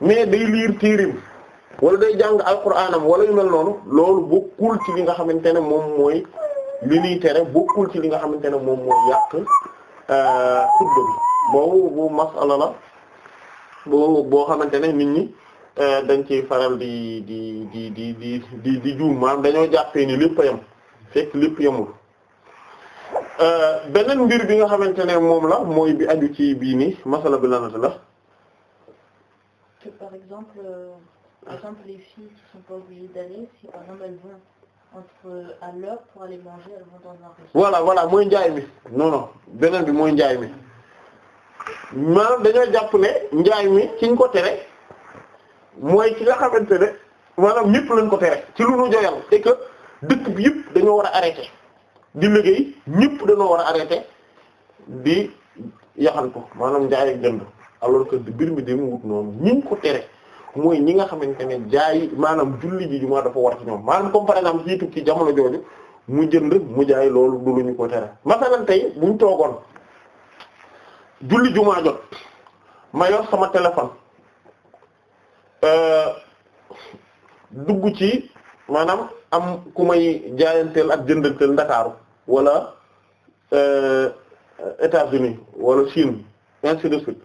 mais day liir téereem wala day jàng alquraanam wala yu mel noonu loolu bokkul ci li nga xamante ne moom mooy li ñuy tere bokkul ci li nga xamante ne moom mooy yàq euh, xutba bi la boo xamante ne nit ñi euh, dañ ciy faral di di di di di di di juum maanaam dañoo jàppee ni lépp a yem fekk lépp yemul euh, beneen mbir bi nga xamante ne moom la mooy bi aju ci bii nii masala bi lanata la par exemple Par exemple, les filles qui mooy njaay mi non beneen bi mooy njaay mi maanaam dañoo jàpp ne njaay mi ci ñu ko tere mooy ci nga xamante ne maanaam ñëpp lañ ko tere ci lu nu joyal et que dëkk bi yëpp dañoo war a arrêté di liggéey ñëpp dañoo war a arrêté di yaxal ko maanaam njaay ak jënd alors que mbir mi de wut noonu ñi ko tere. mooy ñi nga xamante ne jaay maanaam julli ji jumaa dafa war ci ñoom maanaam comme par exemple ci tukki jamono jooju mu jënd mu jaay loolu du lu ñu ko tere masalan tey buñ toogoon julli jumaa jot ma yor sama téléphone euh, dugg ci maanaam am ku may jaayanteel ak jëndanteel Ndakaaru wala euh, États-Unis wala Chine ainsi de suite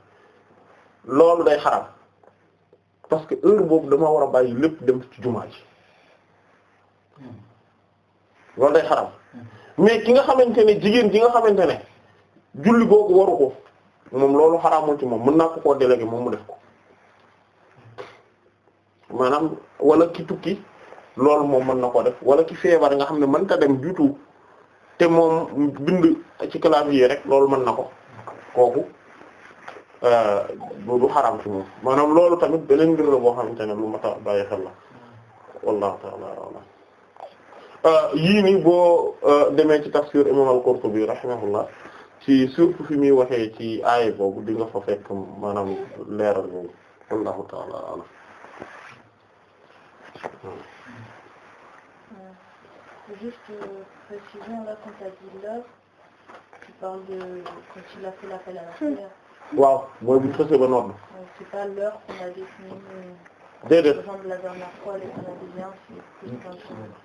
loolu day xaram parce que heure boobu dama war a bàyyi lépp dem ci jumaa ji loolu day xaram mais ki nga xamante ne jigéen ji nga xamante ne julli googu waru ko moom loolu xaraamul ci moom mën naa ko koo délégué moom mu def ko maanaam wala ki tukki loolu moom mën na ko def wala ki feebar nga xam ne mën ta dem jutu te moom bind ci clavier rek loolu mën na ko kooku du xaraam ci moom loolu tamit beneen mbir la boo xamante ne lu mat a bàyyi xel la wallahu ta'ala a'lam euh, yii nii boo euh, demee ci tafsir imam al-Qurtubi rahimahullah ci surtout fi muy waxee ci aay boobu di fekk maanaam leeral loolu wallahu ta'ala a'lam euh, waaw mooy bu xëse ba nodd euh, déedéet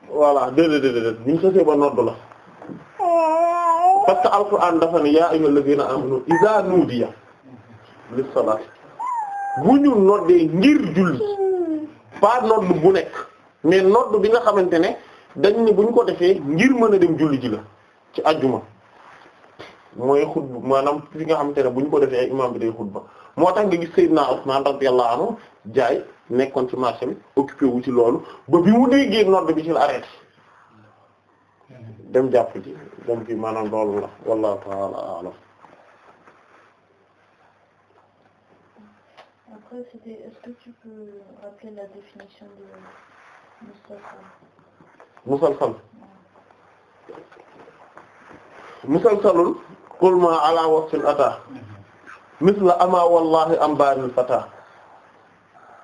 voilà déedéet déedéet buñ xësee ba nodd la parce que alquran dafa ne yaa ayyuhal ladina amanu iza nudiya lis salat bu ñu noddee ngir julli pas nodd bu nekk mais nodd bi nga xamante ne dañ ne buñ ko defee ngir mën a dem julli ji la ci ajjuma mooy xutba maanaam fi nga xamante ne bu ñu ko defee imam bi day xutba moo tax nga gis Seydina Usman radiyallahu anhu jaay nekkoon ci marché bi ci loolu ba bi mu déggee nodd bi ci la arrêté dem jàpp ji dem kii maanaam loolu la wallahu ta'ala a'lam. Musalsal. musalsalul qul ma ala wasfin ata misla ama wallahi am baril fata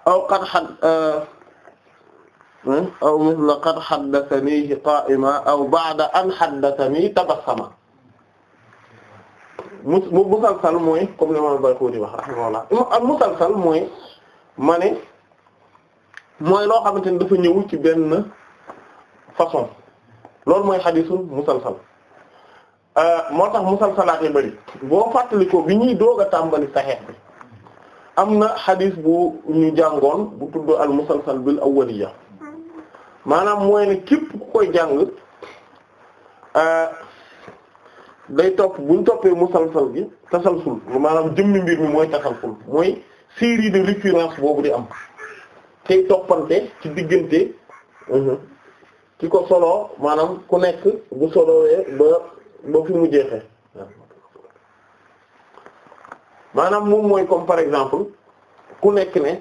aw qad had eh, eh, aw misla qad haddathani qa'ima aw ba'da an haddathani tabassama mus musalsal mooy comme l'imam al-Bayquni wax rahimahullah al musalsal mooy ma ne mooy loo xamante ne dafa ñëw ci benn façon loolu mooy xadiisul musalsal Euh, moo tax musalsalaat yi bëri boo fàttali ko bi ñuy doog a tàmbali saxeex bi am na xadis bu ñu jàngoon bu tudd al musalsal bil awwaliya maanaam mooy ne képp ku koy jàng euh, day topp buñ toppee musalsal gi tasalsul maanaam jëmmi mbir mi mooy tasalsul mooy série de récurrence boobu di am tey toppante ci diggante mhm, ki ko solo maanaam ku nekk bu solowee ba ba fi mu jeexee maanaam moom mooy comme par exemple ku nekk ne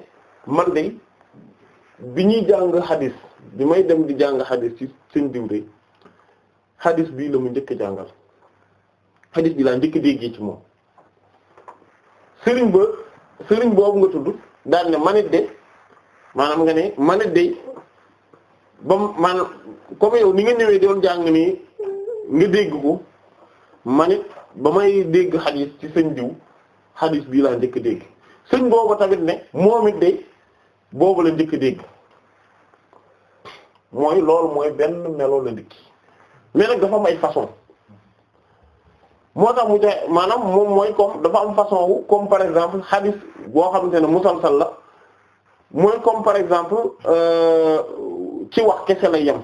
man de bi ñuy jàng xadis bi may dem di jàng xadis ci seen diw de xadis bii la mu njëkk jàngal xadis bi laa njëkk déggee ci moom sëriñ ba sëriñ boobu nga tudd daal ne manit de maanaam nga ne manit de ba maanaam comme yow ni nga ñëwee doon jàng nii nga dégg ko man ba may dégg xadis ci sëñ diw xadis bii laa njëkk dégg sëñ boobu tamit ne moom it de boobu la njëkk dégg mooy loolu mooy benn melo la ndikki mais nag dafa may façon moo tax mu joxe maanaam moom mooy comme dafa am façon comme par exemple xadis boo xamante ne musalsal la mooy comme par exemple euh, ci wax kese la yem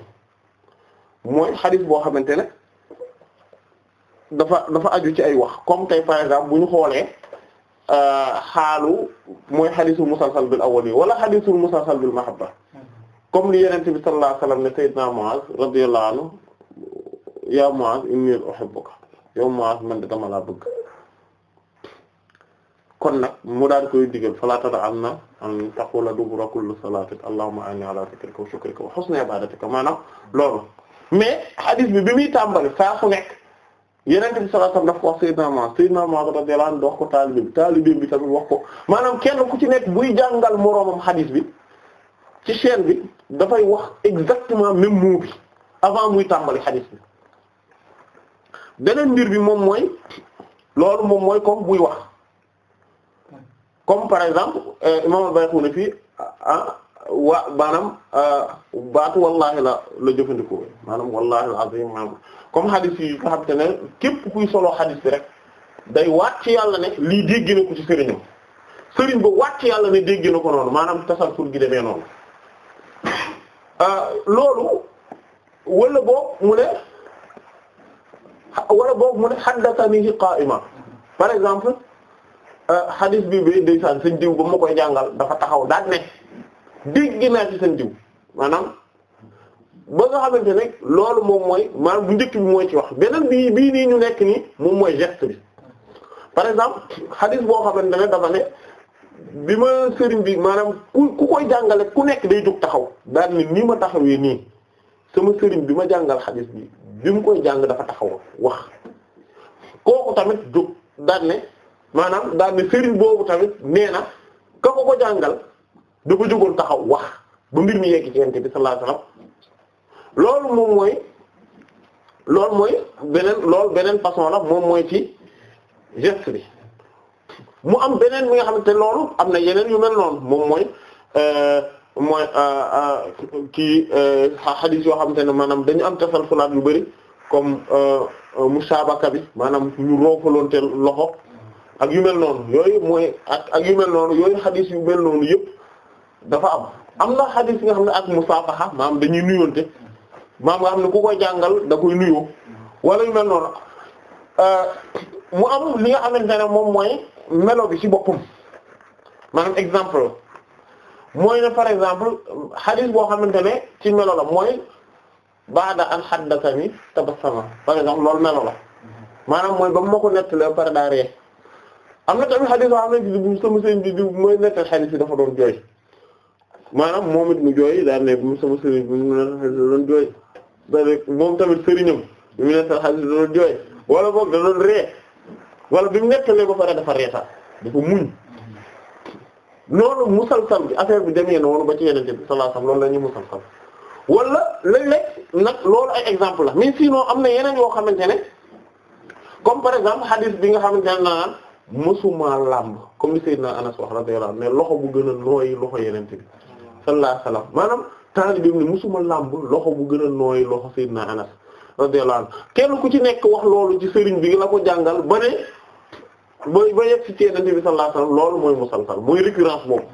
mooy xadis boo xamante ne dafa dafa aju ci ay wax comme tey par exemple bu ñu xoolee euh, xaalu mooy xadisul musalsal bil awwali wala xadisul musalsal bil mahabba comme li yenente bi sallallahu alayhi wasallam ne sayyidna Muaz radiyallahu anhu ya Muaz inni uhibbuka yow Muaz man de dama laa bëgg kon nag mu daan koy digal fala tada'anna an taqula dubura kulli salatin allahumma inni ala dhikrika wa shukrika wa husni ibadatika maanaam loolu mais hadith bi bi muy tàmbali saa su nekk yenente bi sallallahu alayhi wasallam daf ko wax Seydina Maaz Seydina Maaz radiyallahu anhu ko taalibe bi bi tamit wax ko maanaam kenn ku ci nekk buy jàngal moroomam xadiis bi ci chaîne bi dafay wax exactement même mot bi avant muy tàmbali xadiis bi beneen mbir bi moom mooy loolu moom mooy comme buy wax comme par exemple euh, imam al-Bayhaqi fii ah, waa maanaam euh, baatu wallaahi la la jëfandikoo maanaam wallaahi al-azim maanaam comme hadith yi nga xam te ne képp kuy solo hadith bi rek day waat ci yàlla ne lii dégg na ko ci sëriñam sëriñ ba waat ci yàlla ne dégg na ko noonu maanaam tasalsul gi demee noonu euh, loolu wala boog mu ne wala boog mu ne haddathanihi qaa'ima par exemple euh, hadith bi bi ndeysaan sëñ diw ba ma koy jàngal dafa taxaw daan ne. dégg naa ci seen diw maanaam ba nga xamante ne loolu moom mooy maanaam bu njëkk bi mooy ci wax beneen bi bii nii ñu nekk nii moom mooy geste bi par exemple xadis boo xamante ne dafa ne bi ma sëriñ bi maanaam ku koy jàngale ku nekk day jóg taxaw daal nii ma taxawee nii sama sëriñ bi ma jàngal xadis bi bi mu koy jàng dafa taxaw wax kooku tamit jóg daal maanaam daal ne sëriñ boobu tamit nee na ka ko ko jàngal dafa jógoon taxaw wax ba mbir mi yegg ci yonent bi sallallahu alayhi wasallam loolu moom mooy loolu mooy beneen lool beneen façon la moom mooy ci geste bi mu am beneen mi nga xamante loolu am na yeneen yu mel noonu moom mooy euh, mooy ci euh, euh, xadis yoo xamante ne maanaam dañu am tasalsulaat yu bari comme musaabaka bi maanaam ñu roofaloonte loxo ak yu mel noonu yooyu mooy ak ak yu mel noonu yooyu xadis yu mel noonu yëpp dafa am am na xadis nga xam ne ak xa maam dañuy nuyoonte maam nga xam ne ku koy jàngal da koy nuyoo wala yu mel noonu euh, mu am li nga xam ne moom mooy melo bi ci boppam maanaam exemple mooy ne par exemple xadis boo xamante ne ci melo la mooy baada an haddathani tabassama par exemple loolu melo la maanaam mooy ba mu ma ko nettalee par daa ree am na tamit xadis boo xamante ne bi sama sëñ bi mooy nettal xadis bi dafa doon jooy. maanaam moom it mu jooy daan ne mu sama sëriñ bi mu ne moom tamit sëriñam bi mu ne sa xaalis jooy wala boog da doon ree wala bi mu nettalee ba pare dafa reeta dafa muñ noonu musalsal bi affaire bi demee noonu ba ci yeneen bi sallallahu alayhi wasallam loolu la ñuy musalsal wala léeg-léeg nag loolu ay exemple la mais sinon am na yeneen yoo xamante ne comme par exemple hadith bi nga xamante ne naan mësuma làmb comme li Seydina Anas wax radiyallahu anhu mais loxo bu gën a nooy loxo yeneen sallallahu alayhi wasallam maanaam taalibe bi musuma làmb loxo bu gën a nooy loxo naa Anas radiyallahu anhu kenn ku ci nekk wax loolu ci sëriñ bi la ko jàngal ba ne ba ba yegg ci Yonent bi sallallahu alayhi wasallam loolu mooy musalsal mooy récurrence boobu.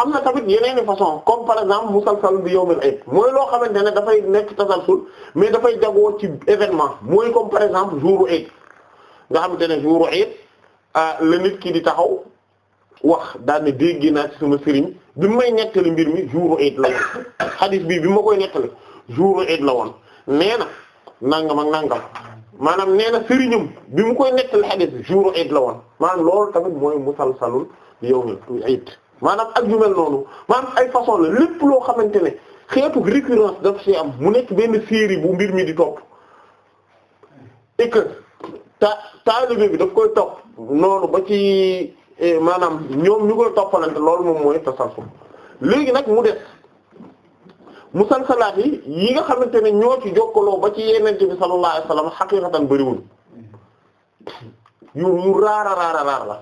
am na tamit yeneen façon comme par exemple musalsal bi yawmul iid mooy loo xamante ne dafay nekk tasalsul mais dafay jagoo ci événement mooy comme par exemple jouru iid nga xamante ne jouru iid ah, la nit ki di taxaw wax daal ne dégg naa ci bi may nettali mbir mi jour eid la woon xadis bi bi ma koy nettali jour eid la woon nee na nangam ak nangam maanaam nee na sëriñam bi mu koy nettali xadis bi jour eid la woon maanaam loolu tamit mooy musalsalul yawmil eid maanaam ak yu mel noonu maanaam ay façon la lépp loo xamante ne xeetu récurrence daf ci am mu nekk benn série bu mbir mi di topp et que ta taalibe bi koy topp noonu ba ci Eh, maanaam ñoom ñu koy toppalante loolu moom mooy tasalsul léegi nag mu def mu yi yi nga xamante ne ñoo ci jokkaloo ba ci yeneen bi sallallahu alayhi wasallam xaqiiqatan bëriwul yu yu raara raara raar la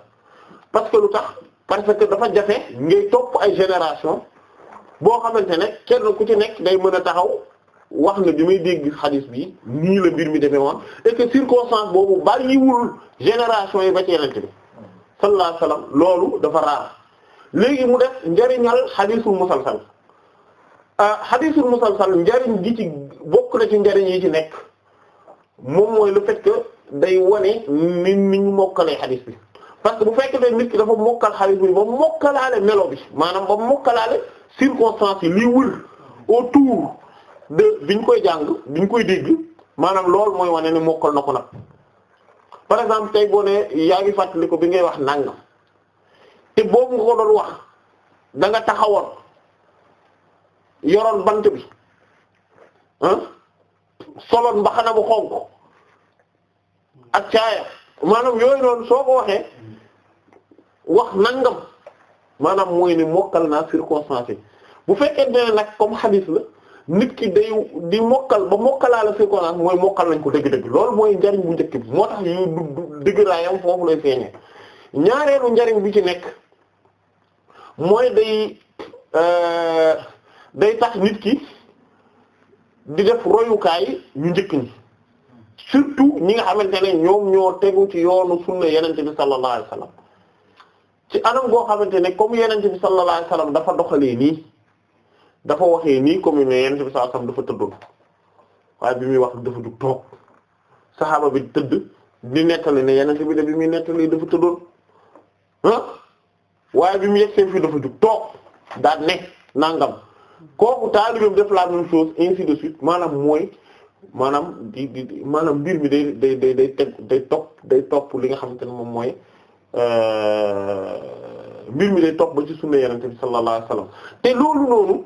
parce que lu tax parce que dafa jafe ngay topp ay génération boo xamante ne kenn ku ci nekk day mën a taxaw wax ne bi may dégg xadis bi nii la mbir mi defee woon et que circonstance boobu bariwul génération yi ba ci yeneen bi sallallahu alayhi wasallam loolu dafa raar léegi mu def njariñal xadiisul musalsal xadiisul ah, musalsal njariñ gi ci bokk na ci njariñ yi ci nekk moom mooy la fait que day wane ni ni ñu mokkalee xadiis bi parce que bu fekkee nit ki dafa mokkal xadiis bi ba mokkalaale melo bi maanaam ba mokkalaale circonstances yi liy wër autour de biñ koy jàng biñ koy dégg maanaam loolu mooy wane ne mokkal na ko nag par exemple tey boo yaa ngi fàttali ko bi ngay wax nangam te boobu nga ko doon wax da nga taxawoon yoroon bant bi ah soloon mbaxana bu xonk ak caaya maanaam yooyu noonu soo ko waxee wax nangam maanaam mooy ne mokkal naa circonstance bu fekkee ne nag comme hadith la. nit ki day di mokkal ba mokkalaale circonstance mooy mokkal nañ ko dëgg-dëgg loolu mooy njariñ bu njëkk bi moo tax du dëggraayam foofu lay feeñee ñaareelu njariñ bi ci nekk mooy day euh, day tax nit ki di def royukaay yu njëkk ñi surtout ñi nga xamante ne ñoom ñoo tegu ci yoonu sunna yenente bi sallallahu alayhi wasallam ci anam goo xamante ne comme yenente bi sallallahu alayhi wasallam dafa doxalee nii dafa waxee nii comme ne yenn bi sallallahu alayhi wasallam dafa tëddoon waaye bi muy wax dafa du toog saxaaba bi tëdd di nettali ne yeneen bi da bi muy nettali dafa tëddoon ah waaye bi mu yegsee fii dafa jug toog daal ne nangam kooku taalibam def la même chose ainsi de suite maanaam mooy maanaam di di maanaam mbir mi day day day day teg day topp day topp li nga xamante ne moom mooy euh, mbir mi day topp ba ci sunna yeneen bi sallallahu alayhi te loolu noonu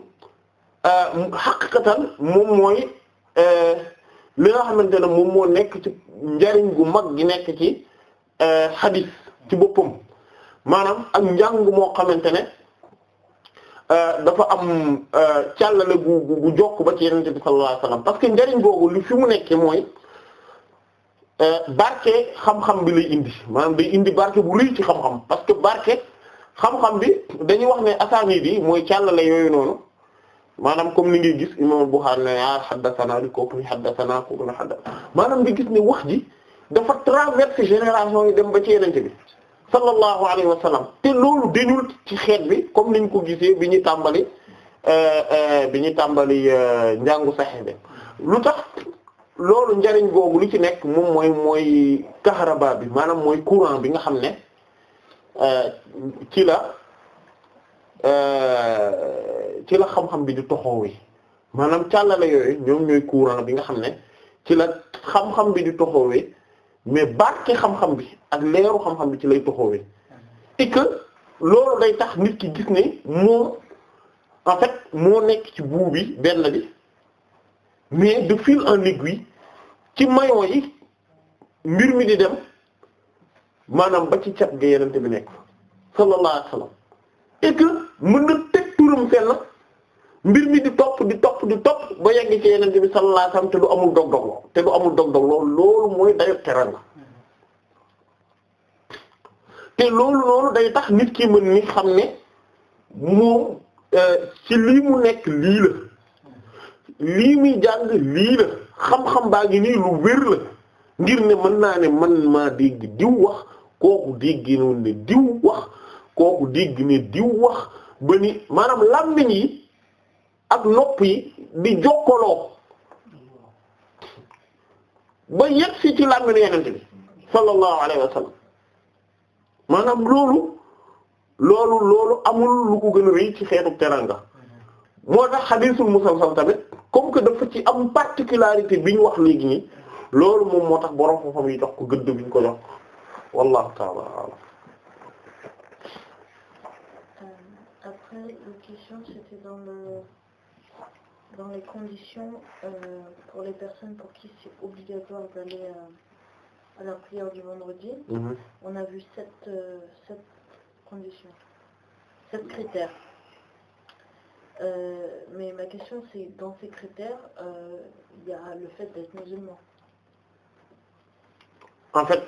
Euh, xaqiqatan moom mooy euh, li nga xamante ne moom moo nekk ci njariñ gu mag gi nekk ci euh, xadis ci boppam maanaam ak njàng moo xamante ne dafa am càllale gu gu jokk ba ci yenn yenente bi sallallahu alayhi wasallam parce que njariñ boobu li fi mu nekkee mooy barke xam-xam bi lay indi maanaam day indi barke bu rëy ci xam-xam parce que barke xam-xam bi dañuy wax ne asaani bi mooy càllale yooyu noonu maanaam comme ni ngi gis imam Bukhari ne ah haddathana li kooku haddathana kooku haddathana maanaam nga gis ni wax ji dafa traversé génération yi dem ba ci yenente bi sallallahu alayhi wa sallam te loolu dañul ci xeet bi comme niñ ko gisee bi ñu tàmbali euh, euh, bi ñu tàmbali euh, njàngu saxee bi lu tax loolu njariñ googu li ci nekk moom mooy mooy kaharaba bi maanaam mooy courant bi nga xam ne ci Euh, ci la xam-xam bi di toxoowi maanaam càllale yooyu ñoom ñooy courant bi nga xam ne ci la xam-xam bi di toxoowi mais barke xam-xam bi ak leeru xam-xam bi ci lay toxoowi et que loolu day tax nit ki gis ne moom en fait moo nekk ci buu bi benn bi mais de fil en aiguille ci maillon yi mbir mi di dem maanaam ba ci cat ga yenente bi nekk sallallahu et que mën na teg turam fenn mbir mi di topp di topp di topp ba yegg ci yeneen bi sallallahu te du amul dog-dog te du amul dog-dog lool loolu mooy dayo teranga te loolu loolu day tax nit ki mën ni xam ne moom euh, ci lii mu nekk lii la lii muy jàng lii la xam-xam baa ngi nii lu wér la ngir ne mën naa ne man maa dégg diw wax kooku dégg noonu ne diw wax kooku dégg ne diw wax ba ni maanaam làmmiñ yi ak nopp yi di jokkaloo ba yegg si ci làmmiñu yenente bi sallallahu alayhi wa maanaam loolu loolu loolu amul lu ko gën a rëy ci xeetu teranga moo tax xadiisul musalsal tamit comme que dafa ci am particularité bi ñu wax léegi nii loolu moom moo tax borom foofu yi jox ko gëdd bi ñu ko jox wallahu ta'ala question, c'était dans, le, dans les conditions euh, pour les personnes pour qui c'est obligatoire d'aller euh, à la prière du vendredi. Mmh. On a vu sept, euh, sept conditions, sept critères. Euh, mais ma question c'est, dans ces critères, euh, il y a le fait d'être musulman. En fait,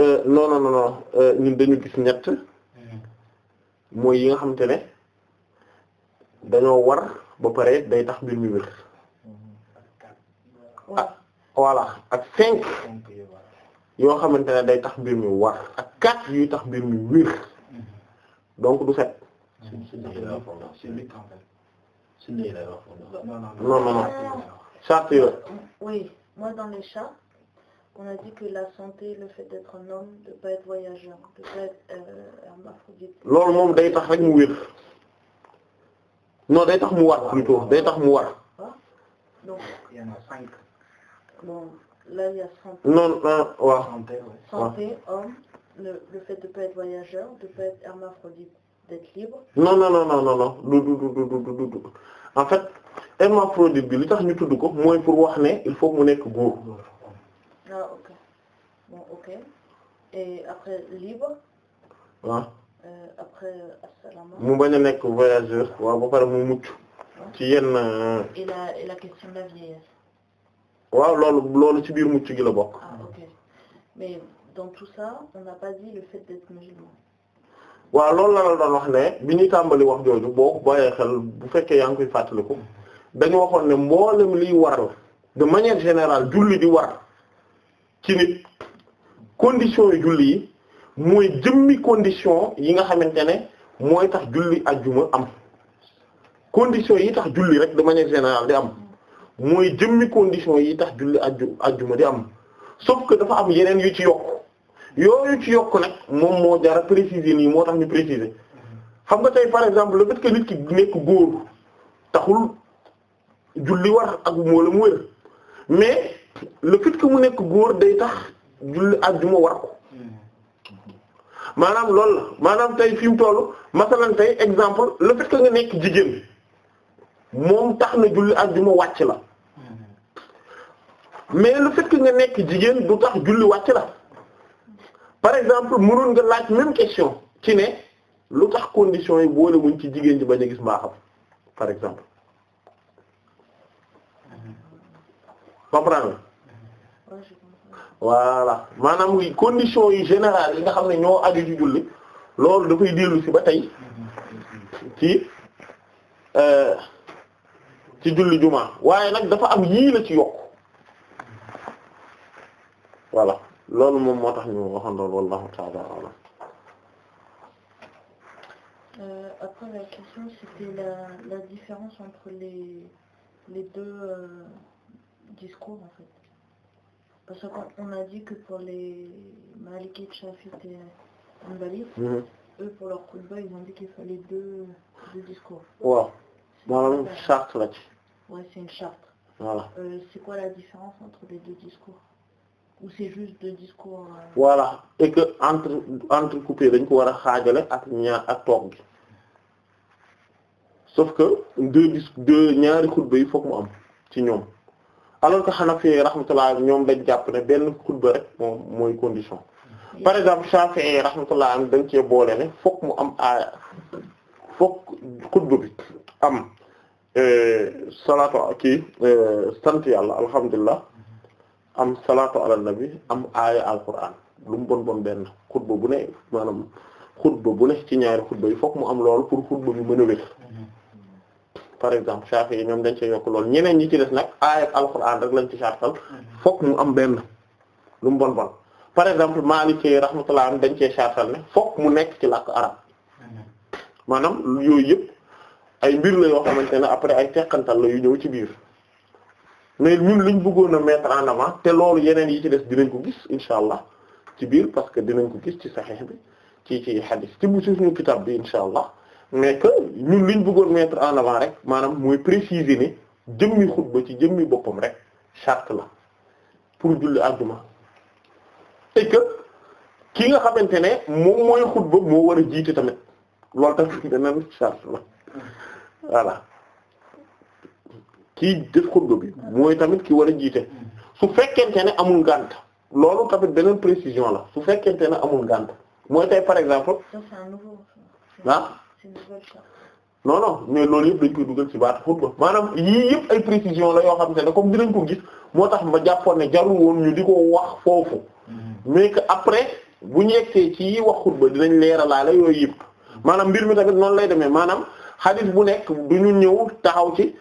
euh, non, non, non, non, ñun dañu gis ñett hmm. mooy yi nga xamante ne dañoo war ba pare day tax mbir mi wér ak ah, voilà ak cinq yoo xamante ne day tax mbir mi war ak quatre yuy tax mbir mi wér mhm. donc du set non non non charte yo oui dans les chats on a dit que la santé le fait d'être homme de pas être voyageur euh, loolu moom day tax rek mu wér non day tax mu war day tax mu war. donc il y a cinq. bon non non non non non non non du du du en fait hermaphrodite bi li tax ñu tudd ko pour wax ne il faut mu nekk góor. Ah, et après libre. Euh, mu bañ a nekk voyageur waaw ba pare mu mucc ci yenn euh, waaw loolu loolu ci biir mucc gi la bokk ah, mais dans waaw loolu la la doon wax ne bi ñuy tàmbali wax jooju boo ko bàyyee xel bu fekkee yaa ngi koy fàttaliku dañu waxoon ne mboolem liy waral de manière générale julli di war ci nit condition yu julli yi mooy jëmmi condition yi nga xamante ne mooy tax julli ajjuma am condition yi tax julli rek de manière générale di am mooy jëmmi condition yi tax julli ajju ajjuma di am sauf que dafa am yeneen yu ci yokk yooyu ci yokk nag moom moo jara préciser nii moo tax ñu préciser xam nga tey par exemple le fait que nit ki nekk góor taxul julli war ak moo la mu wér mais le fait que mu nekk góor day tax julli ajjuma war ko maanaam loolu la maanaam tey fi toolu toll masalan exemple le fait nga nekk jigéen moom tax na julli ak àjjuma wàcc la mais le fait nga nekk jigéen du tax julli wàcc la par exemple mënoon nga laaj même question ci ne lu tax conditions yi boole muñ ci jigéen ji bañ a gis mbaaxam par exemple mm-hmm. comprendre voilà maanaam condition yi général yi nga xam ne ñoo aju ci julli loolu dafay dellu si ba tey ci euh, ci julli juma waaye nag dafa am yii la ci yokk voilà loolu moom moo tax ñu waxoon loolu wallahu euh, après la question c'était la différence entre les deux euh, discours en Parce qu'on a dit que pour les Malikites, Chafites et Hanbalites, mhm. eux pour leur khutba, ils ont dit qu'il fallait deux, discours. waaw la ci. ouais c'est une charte. voilà euh, c'est quoi la différence entre deux discours ou c'est juste deux discours. Euh? voilà et que entre entrecoupé dañ ko war a xaajale ak ñaar sauf que deux dis deux ñaari xutba yi fokk mu am ci ñoom. alors que Hanafi rahmatullah ñoom dañ jàpp ne benn xutba rek moom mooy condition par exemple Shafi'i rahmatullah am dañ cee boole ne fokk mu am aaya fokk xutba bi am euh, salaatu kii euh, sant yàlla alhamdulillah am salaatu ala nabi am aaya alquran lu mu bon bon benn xutba bu ne maanaam xutba bu ne ci ñaari xutba yi fokk mu am lool pour xutba bi mën par exemple Shafi'i ñoom dañ ci yokk loolu ñeneen ñi ci des nag aaya ak alxuraan rek lañ ci saartal mhm. fokk mu am benn lu mu bon bon par exemple Maliki rahmatullah dañ cee sartal ne fokk mu nekk ci làkk arab mhm. maanaam yooyu yëpp ay mbir la yoo xamante ne après ay teqantal la yu ñëw ci biir mais ñun liñ bëggoon a mettre en te loolu yeneen yi ci des dinañ ko gis incha allah ci biir parce que dinañ ko gis ci saxiix bi ci ci xadis ci bu suñu kitab bi incha allah mais que ñun liñ bëggoon mettre en avant rek maanaam mooy préciser ni jëmmi xutba ci jëmmi boppam rek charte la pour julli àjjuma et que ki nga xamante ne moom mooy xutba moo war a jiite tamit loolu tamit beneen charte voilà kii def xutba bi mooy tamit ki war a jiite su fekkente ne amul ngànt loolu tamit beneen précision la su fekkente ne amul ngànt mooy tey par exemple ah non non mais loolu yëpp dañ koy dugal ci baatu xutba maanaam yii yëpp ay précision la yoo xam te ne comme dinañ ko gis moo tax ma jàppoon ne jarul woon ñu di ko wax foofu mm-hmm. mais que après bu ñu yegsee ci yi wax xutba dinañ leeralaale yooyu yëpp maanaam mbir mi tamit noonu lay demee maanaam xadis bu nekk du ñu ñëw taxaw ci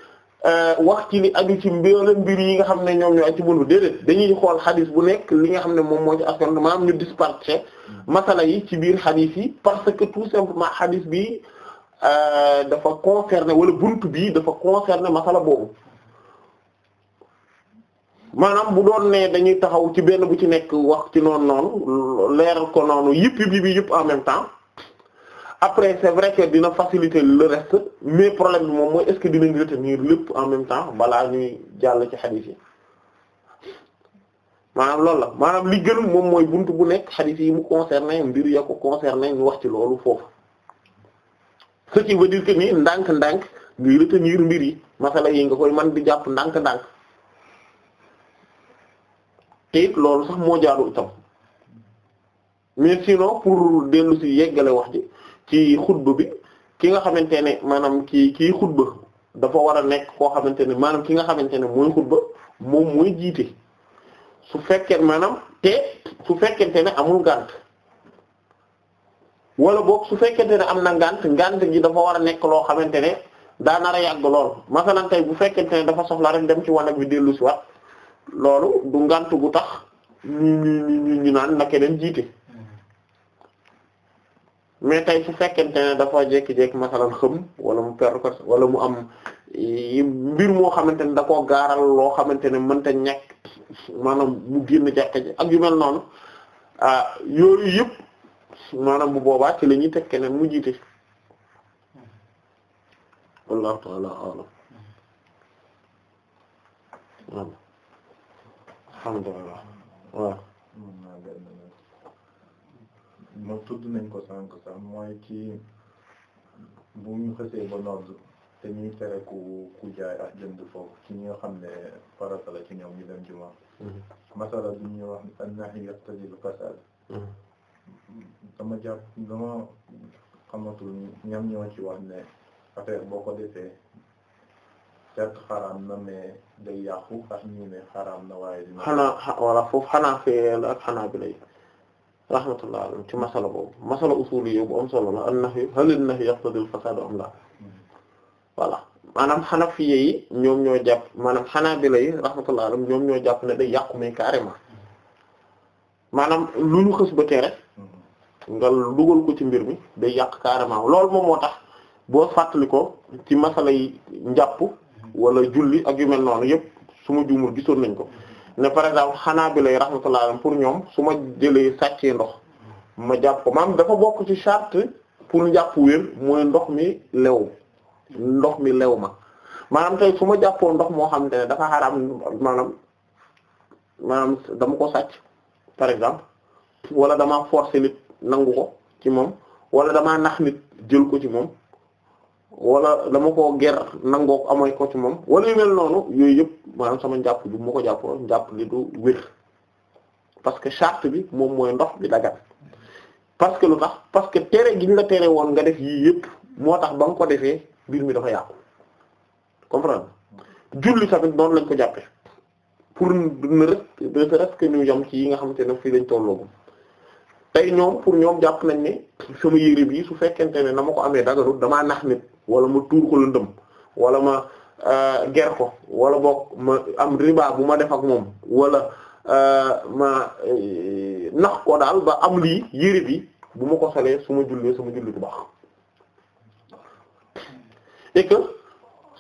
euh, wax ci li aju ci mbiole mbir yi nga xam ne ñoom ñoo aj ci bundu déedéet dañuy xool xadis bu nekk li nga xam ne moom moo ci askan maanaam ñu disparcer mm-hmm. masala yi ci biir xadis yi parce que tout simplement xadis bi Euh, dafa concerner wala buntu bii dafa concerner masala boobu maanaam bu doon ne dañuy taxaw ci benn bu ci nekk wax ci noonu noonu leeral ko noonu yëpp yëpp yëpp yëpp en même temps après c'est vrai que dina faciliter le reste mais problème bi moom mooy est-ce que dinañ retenir lépp en même temps balaa ñuy jàll ci xadiis yi maanaam loolu la maanaam li gën moom mooy bunt bu nekk xadiis yi mu concerné mbir ya ko concerné ñu wax ci loolu foofu ce qui veut dire que ni ndànk-ndànk ngay retenir mbir yi masala yi nga koy man di jàpp ndànk-ndànk te it loolu sax moo jaadu itam mais sinon pour dellu yeggale wax ji ci xutba bi ki nga xamante ne maanaam ki kii xutba dafa war a nekk koo xamante ne maanaam ki nga xamante ne mooy xutba moom mooy jiite su fekkee maanaam te su fekkente ne amul gànt wala boog su fekkente ne am na ngant ngant gi dafa war a nekk loo xamante ne daa nar a lool masalan tey bu fekkente ne dafa soxla rek dem ci wana bi dellu si waat loolu du ngant gu tax ñu ñu ñu ñu naan na keneen jiite mais tey su fekkente ne dafa jékki-jékki masalan wala mu per wala mu am mbir moo xamante ne da koo gaaral loo xamante ne mënta ñàkk maanaam mu génn jàkka ji ak yu mel noonu ah yooyu yëpp. maanaam bu boobaa ci la ñuy teg keneen mu jiite wallahu ta'ala a'lam waaw alhamdulillah waaw moom tudd nañ ko sànq sax mooy ci bu ñu xësee ba nodd te ñuy tere ku ku jaay ak jënd foofu ci ñi nga xam ne farata la ci ñoom ñu dem jumaa mm-hmm. masala bi ñuy wax annahi yaqtadi al-fasad mm-hmm. dama jàpp dama xamatul ñam ñoo ci wax ne affaire boo ko defee cert xaraam na mais day yàqu ak na waaye xanaa wala foofu xanaa fee la ak xanaa bi lay rahmatullah alayhim ci masala boobu masala usul yi bu solo la an nahy hal an nahy yaqtadi al fasad am la voilà maanaam hanafiya yi ñoom ñoo jàpp ñoo jàpp ne day yàqu mais carrément maanaam lu ñu xës ba tere nga dugal ko ci mbir mi day yàq carrément loolu moom moo tax boo fàttali ko ci masala njàpp wala julli ak yu mel noonu yëpp suma ma gisoon nañ ko ne par exemple xanaa bi lay rahmatullah pour ñoom su ma jëlee sàccee ndox ma jàpp ko maam dafa bokk ci charte pour njàpp wér mooy ndox mi lew ndox mi lew ma maanaam tey su ma jàppoo ndox moo xam ne dafa xaraam maanaam maanaam dama ko sàcc par exemple wala dama forcer nit nangu ko ci moom wala damaa nax nit jël ko ci moom walla dama ko ger nangoo amay ko ci moom wala yu mel noonu yooyu yëpp maanaam sama njàpp bi mu ko jàppoo njàpp li du que charte bi moom mooy ndox bi dagat parce que lu tax parce que tere gi ñu la tere woon nga def yii yëpp moo tax ba nga ko defee mbir mi dafa yàqu comprendre julli tamit noonu lañ ko jàppee pour ne rek ne rek que ñu yam ci yi nga xamante ne fii lañ tolloo tey ñoom pour ñoom jàpp nañ ne sama yére bi su fekkente ne na ma ko amee dagarut damaa nax nit wala ma tuur ko lëndëm wala ma euh, ger ko wala boog ma am riba bu ma def ak moom wala euh, ma euh, nax ko daal ba am lii yére bi bu ma ko solee su ma jullee sama julli du baax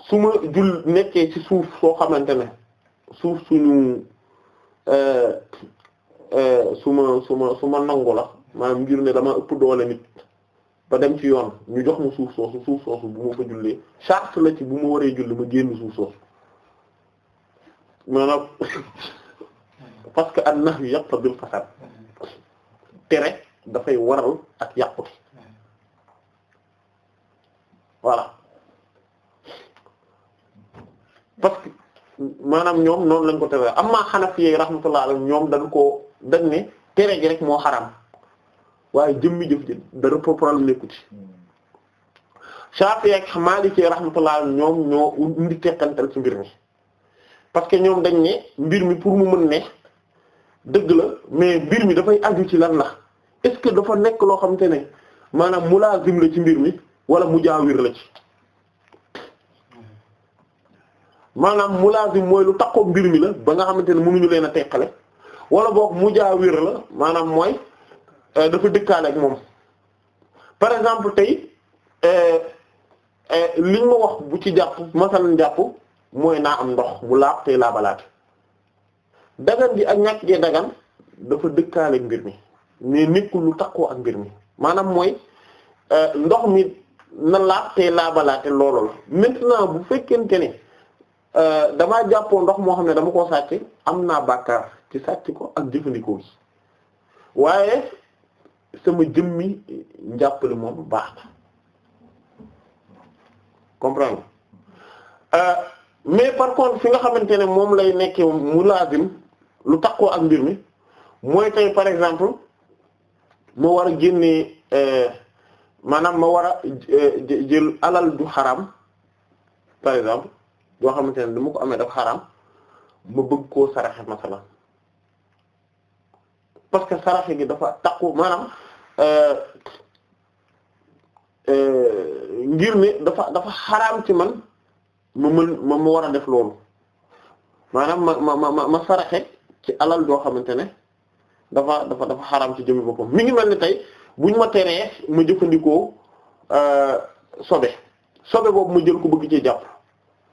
su ma jull nekkee ci suuf soo xamante ne suuf suñu Euh, su ma suma su ma nangu la maanaam ngir ne dama ëpp doole nit ba dem ci yoon ñu jox ma suuf soosu suuf soosu bu ma fa jullee charte la ci bu ma waree julli ma génn suuf soosu maanaam parce que an nax yu yaqtadil fasad tere dafay waral ak yàqute voilà parce que maanaam ñoom noonu lañ ko tere am maa xanafi yi rahmatullah alayhim ñoom dañ koo dañ ne tere gi rek moo xaram waaye jëmmi jëf jën dara problème nekku ci Shafi'i ak Maliki rahmatullah ñoom ñoo indi tekkantal ci mbir mi parce que ñoom dañ ne mbir mi pour mu mën ne dëgg la mais mbir mi dafay aju ci lan la est dafa nekk loo xamante ne maanaam mulazim la ci mbir mi wala mujaawir la ci maanaam mulazim mooy lu takkoo mbir mi la ba nga xamante ne ñu leen a teqale wala boog mujaawir la maanaam mooy euh, dafa dëkkaale ak moom par exemple tey euh, euh, liñ ma wax bu ci jàpp masalan jàpp mooy naa am ndox bu laab tey laabalaate dagan bi ak ñàkk gi dagan dafa mbir mi mais nekkul lu takkoo ak mbir mi maanaam mooy ndox mi na laab tey laabalaate looloo la maintenant bu fekkente ne damaa jàppoo ndox moo xam ne dama ko sàcc am naa bàkkaar ci sàcc ko ak jëfandikoo gi waaye sama jëmmi njàppale moom baax na comprendre euh, mais par contre fi nga xamante ne moom lay nekke mu laazim lu takkoo ak mbir mi mooy tey par exemple moo war a génnee euh, maanaam ma war a euh, jël alal du xaram par exemple boo xamante ne dama ko amee daf xaram ma bëgg koo saraxe masala parce que saraxe gi dafa takku maanaam euh, euh, ngir mi dafa dafa xaraam ci man ma ma ma war a def loolu maanaam ma ma ma ma saraxe ci alal doo xamante ne dafa dafa dafa xaraam ci jëmmi boppam mi ngi mel ne tey bu ñu ma teree ma jëfandikoo euh, sobe sobe boobu ma jël ko bëgg ci jàpp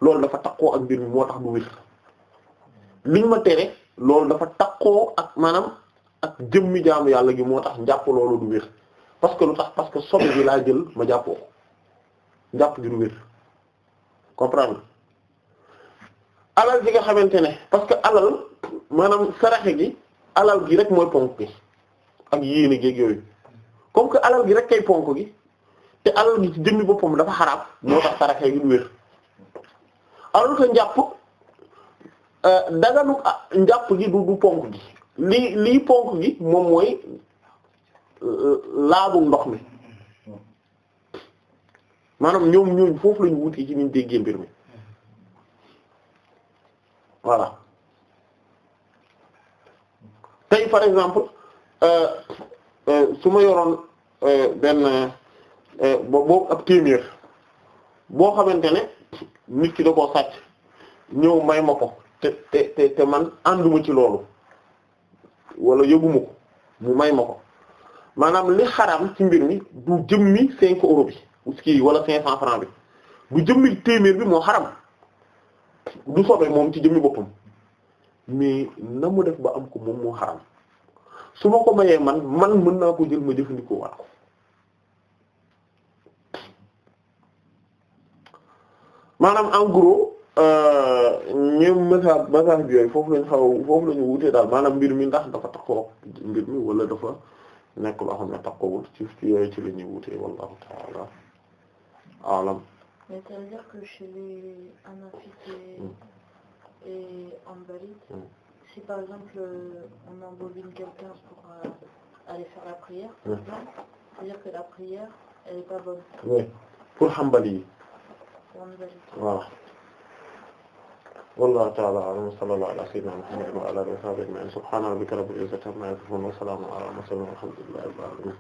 loolu dafa takkoo ak mbir mi moo tax du liñ ma tere loolu dafa takkoo ak maanaam ak jëmmi jaamu yàlla gi moo tax njàpp loolu du wér parce que lu tax parce que sobe bi laa jël ma jàppoo ko njàpp gi du wér comprendre alal nga xamante ne parce que alal maanaam gi alal gi rek mooy ponk gi ak yéene gi yooyu comme que alal gi rek kay ponk gi te alal gi ci jëmmi boppam dafa xaraam moo tax saraxe gi du wér alal ko njàpp euh, daganuk ah, njàpp gi du du ponk gi lii lii ponk gi moom mooy laabum ndox mi maanaam ñoom ñooñ foofu lañu wuti ci niñ déggee mbir mi voilà tey par exemple euh, euh, su ma yoroon euh, benn boobu ab téeméer boo xamante ne nit ki da sàcc ñëw may ma ko te te te man ànduma ci loolu wala yóbbuma ko mu may ma ko maanaam li xaraam ci mbir mi du jëmmi cinq euros bi kii wala cinq cent francs bi du jëmmi téeméer bi moo xaram du sobe moom ci jëmmi boppam mais na mu def ba am ko moom moo xaram su ma ko mayee man man mën naa ko jël ma jëfandikoo waat ko maanaam en Euh, ñoom message message bi yooyu foofu lañ xaw foofu la ñu wutee daal maanaam mi ndax dafa takkoo mbir mi wala dafa nekk loo xam ne takkoowul ci ci yooyu ci la ñuy wutee wallahu ta'ala a'lam mais ça veut que chez les hanafites hmm. et, et hanbalites hmm. par exemple euh, on embobine quelqu'un euh, la prière par hmm. exemple que la prière elle est pas bonne wallahu ta'ala a'lam wa sallallahu ala sayyidina Muhammad wa ala alihi wa sahbihi ajma'in subhana rabbika rabbil izzati amma yasifun wa salamun ala al mursalin walhamdulillahi rabbil alamin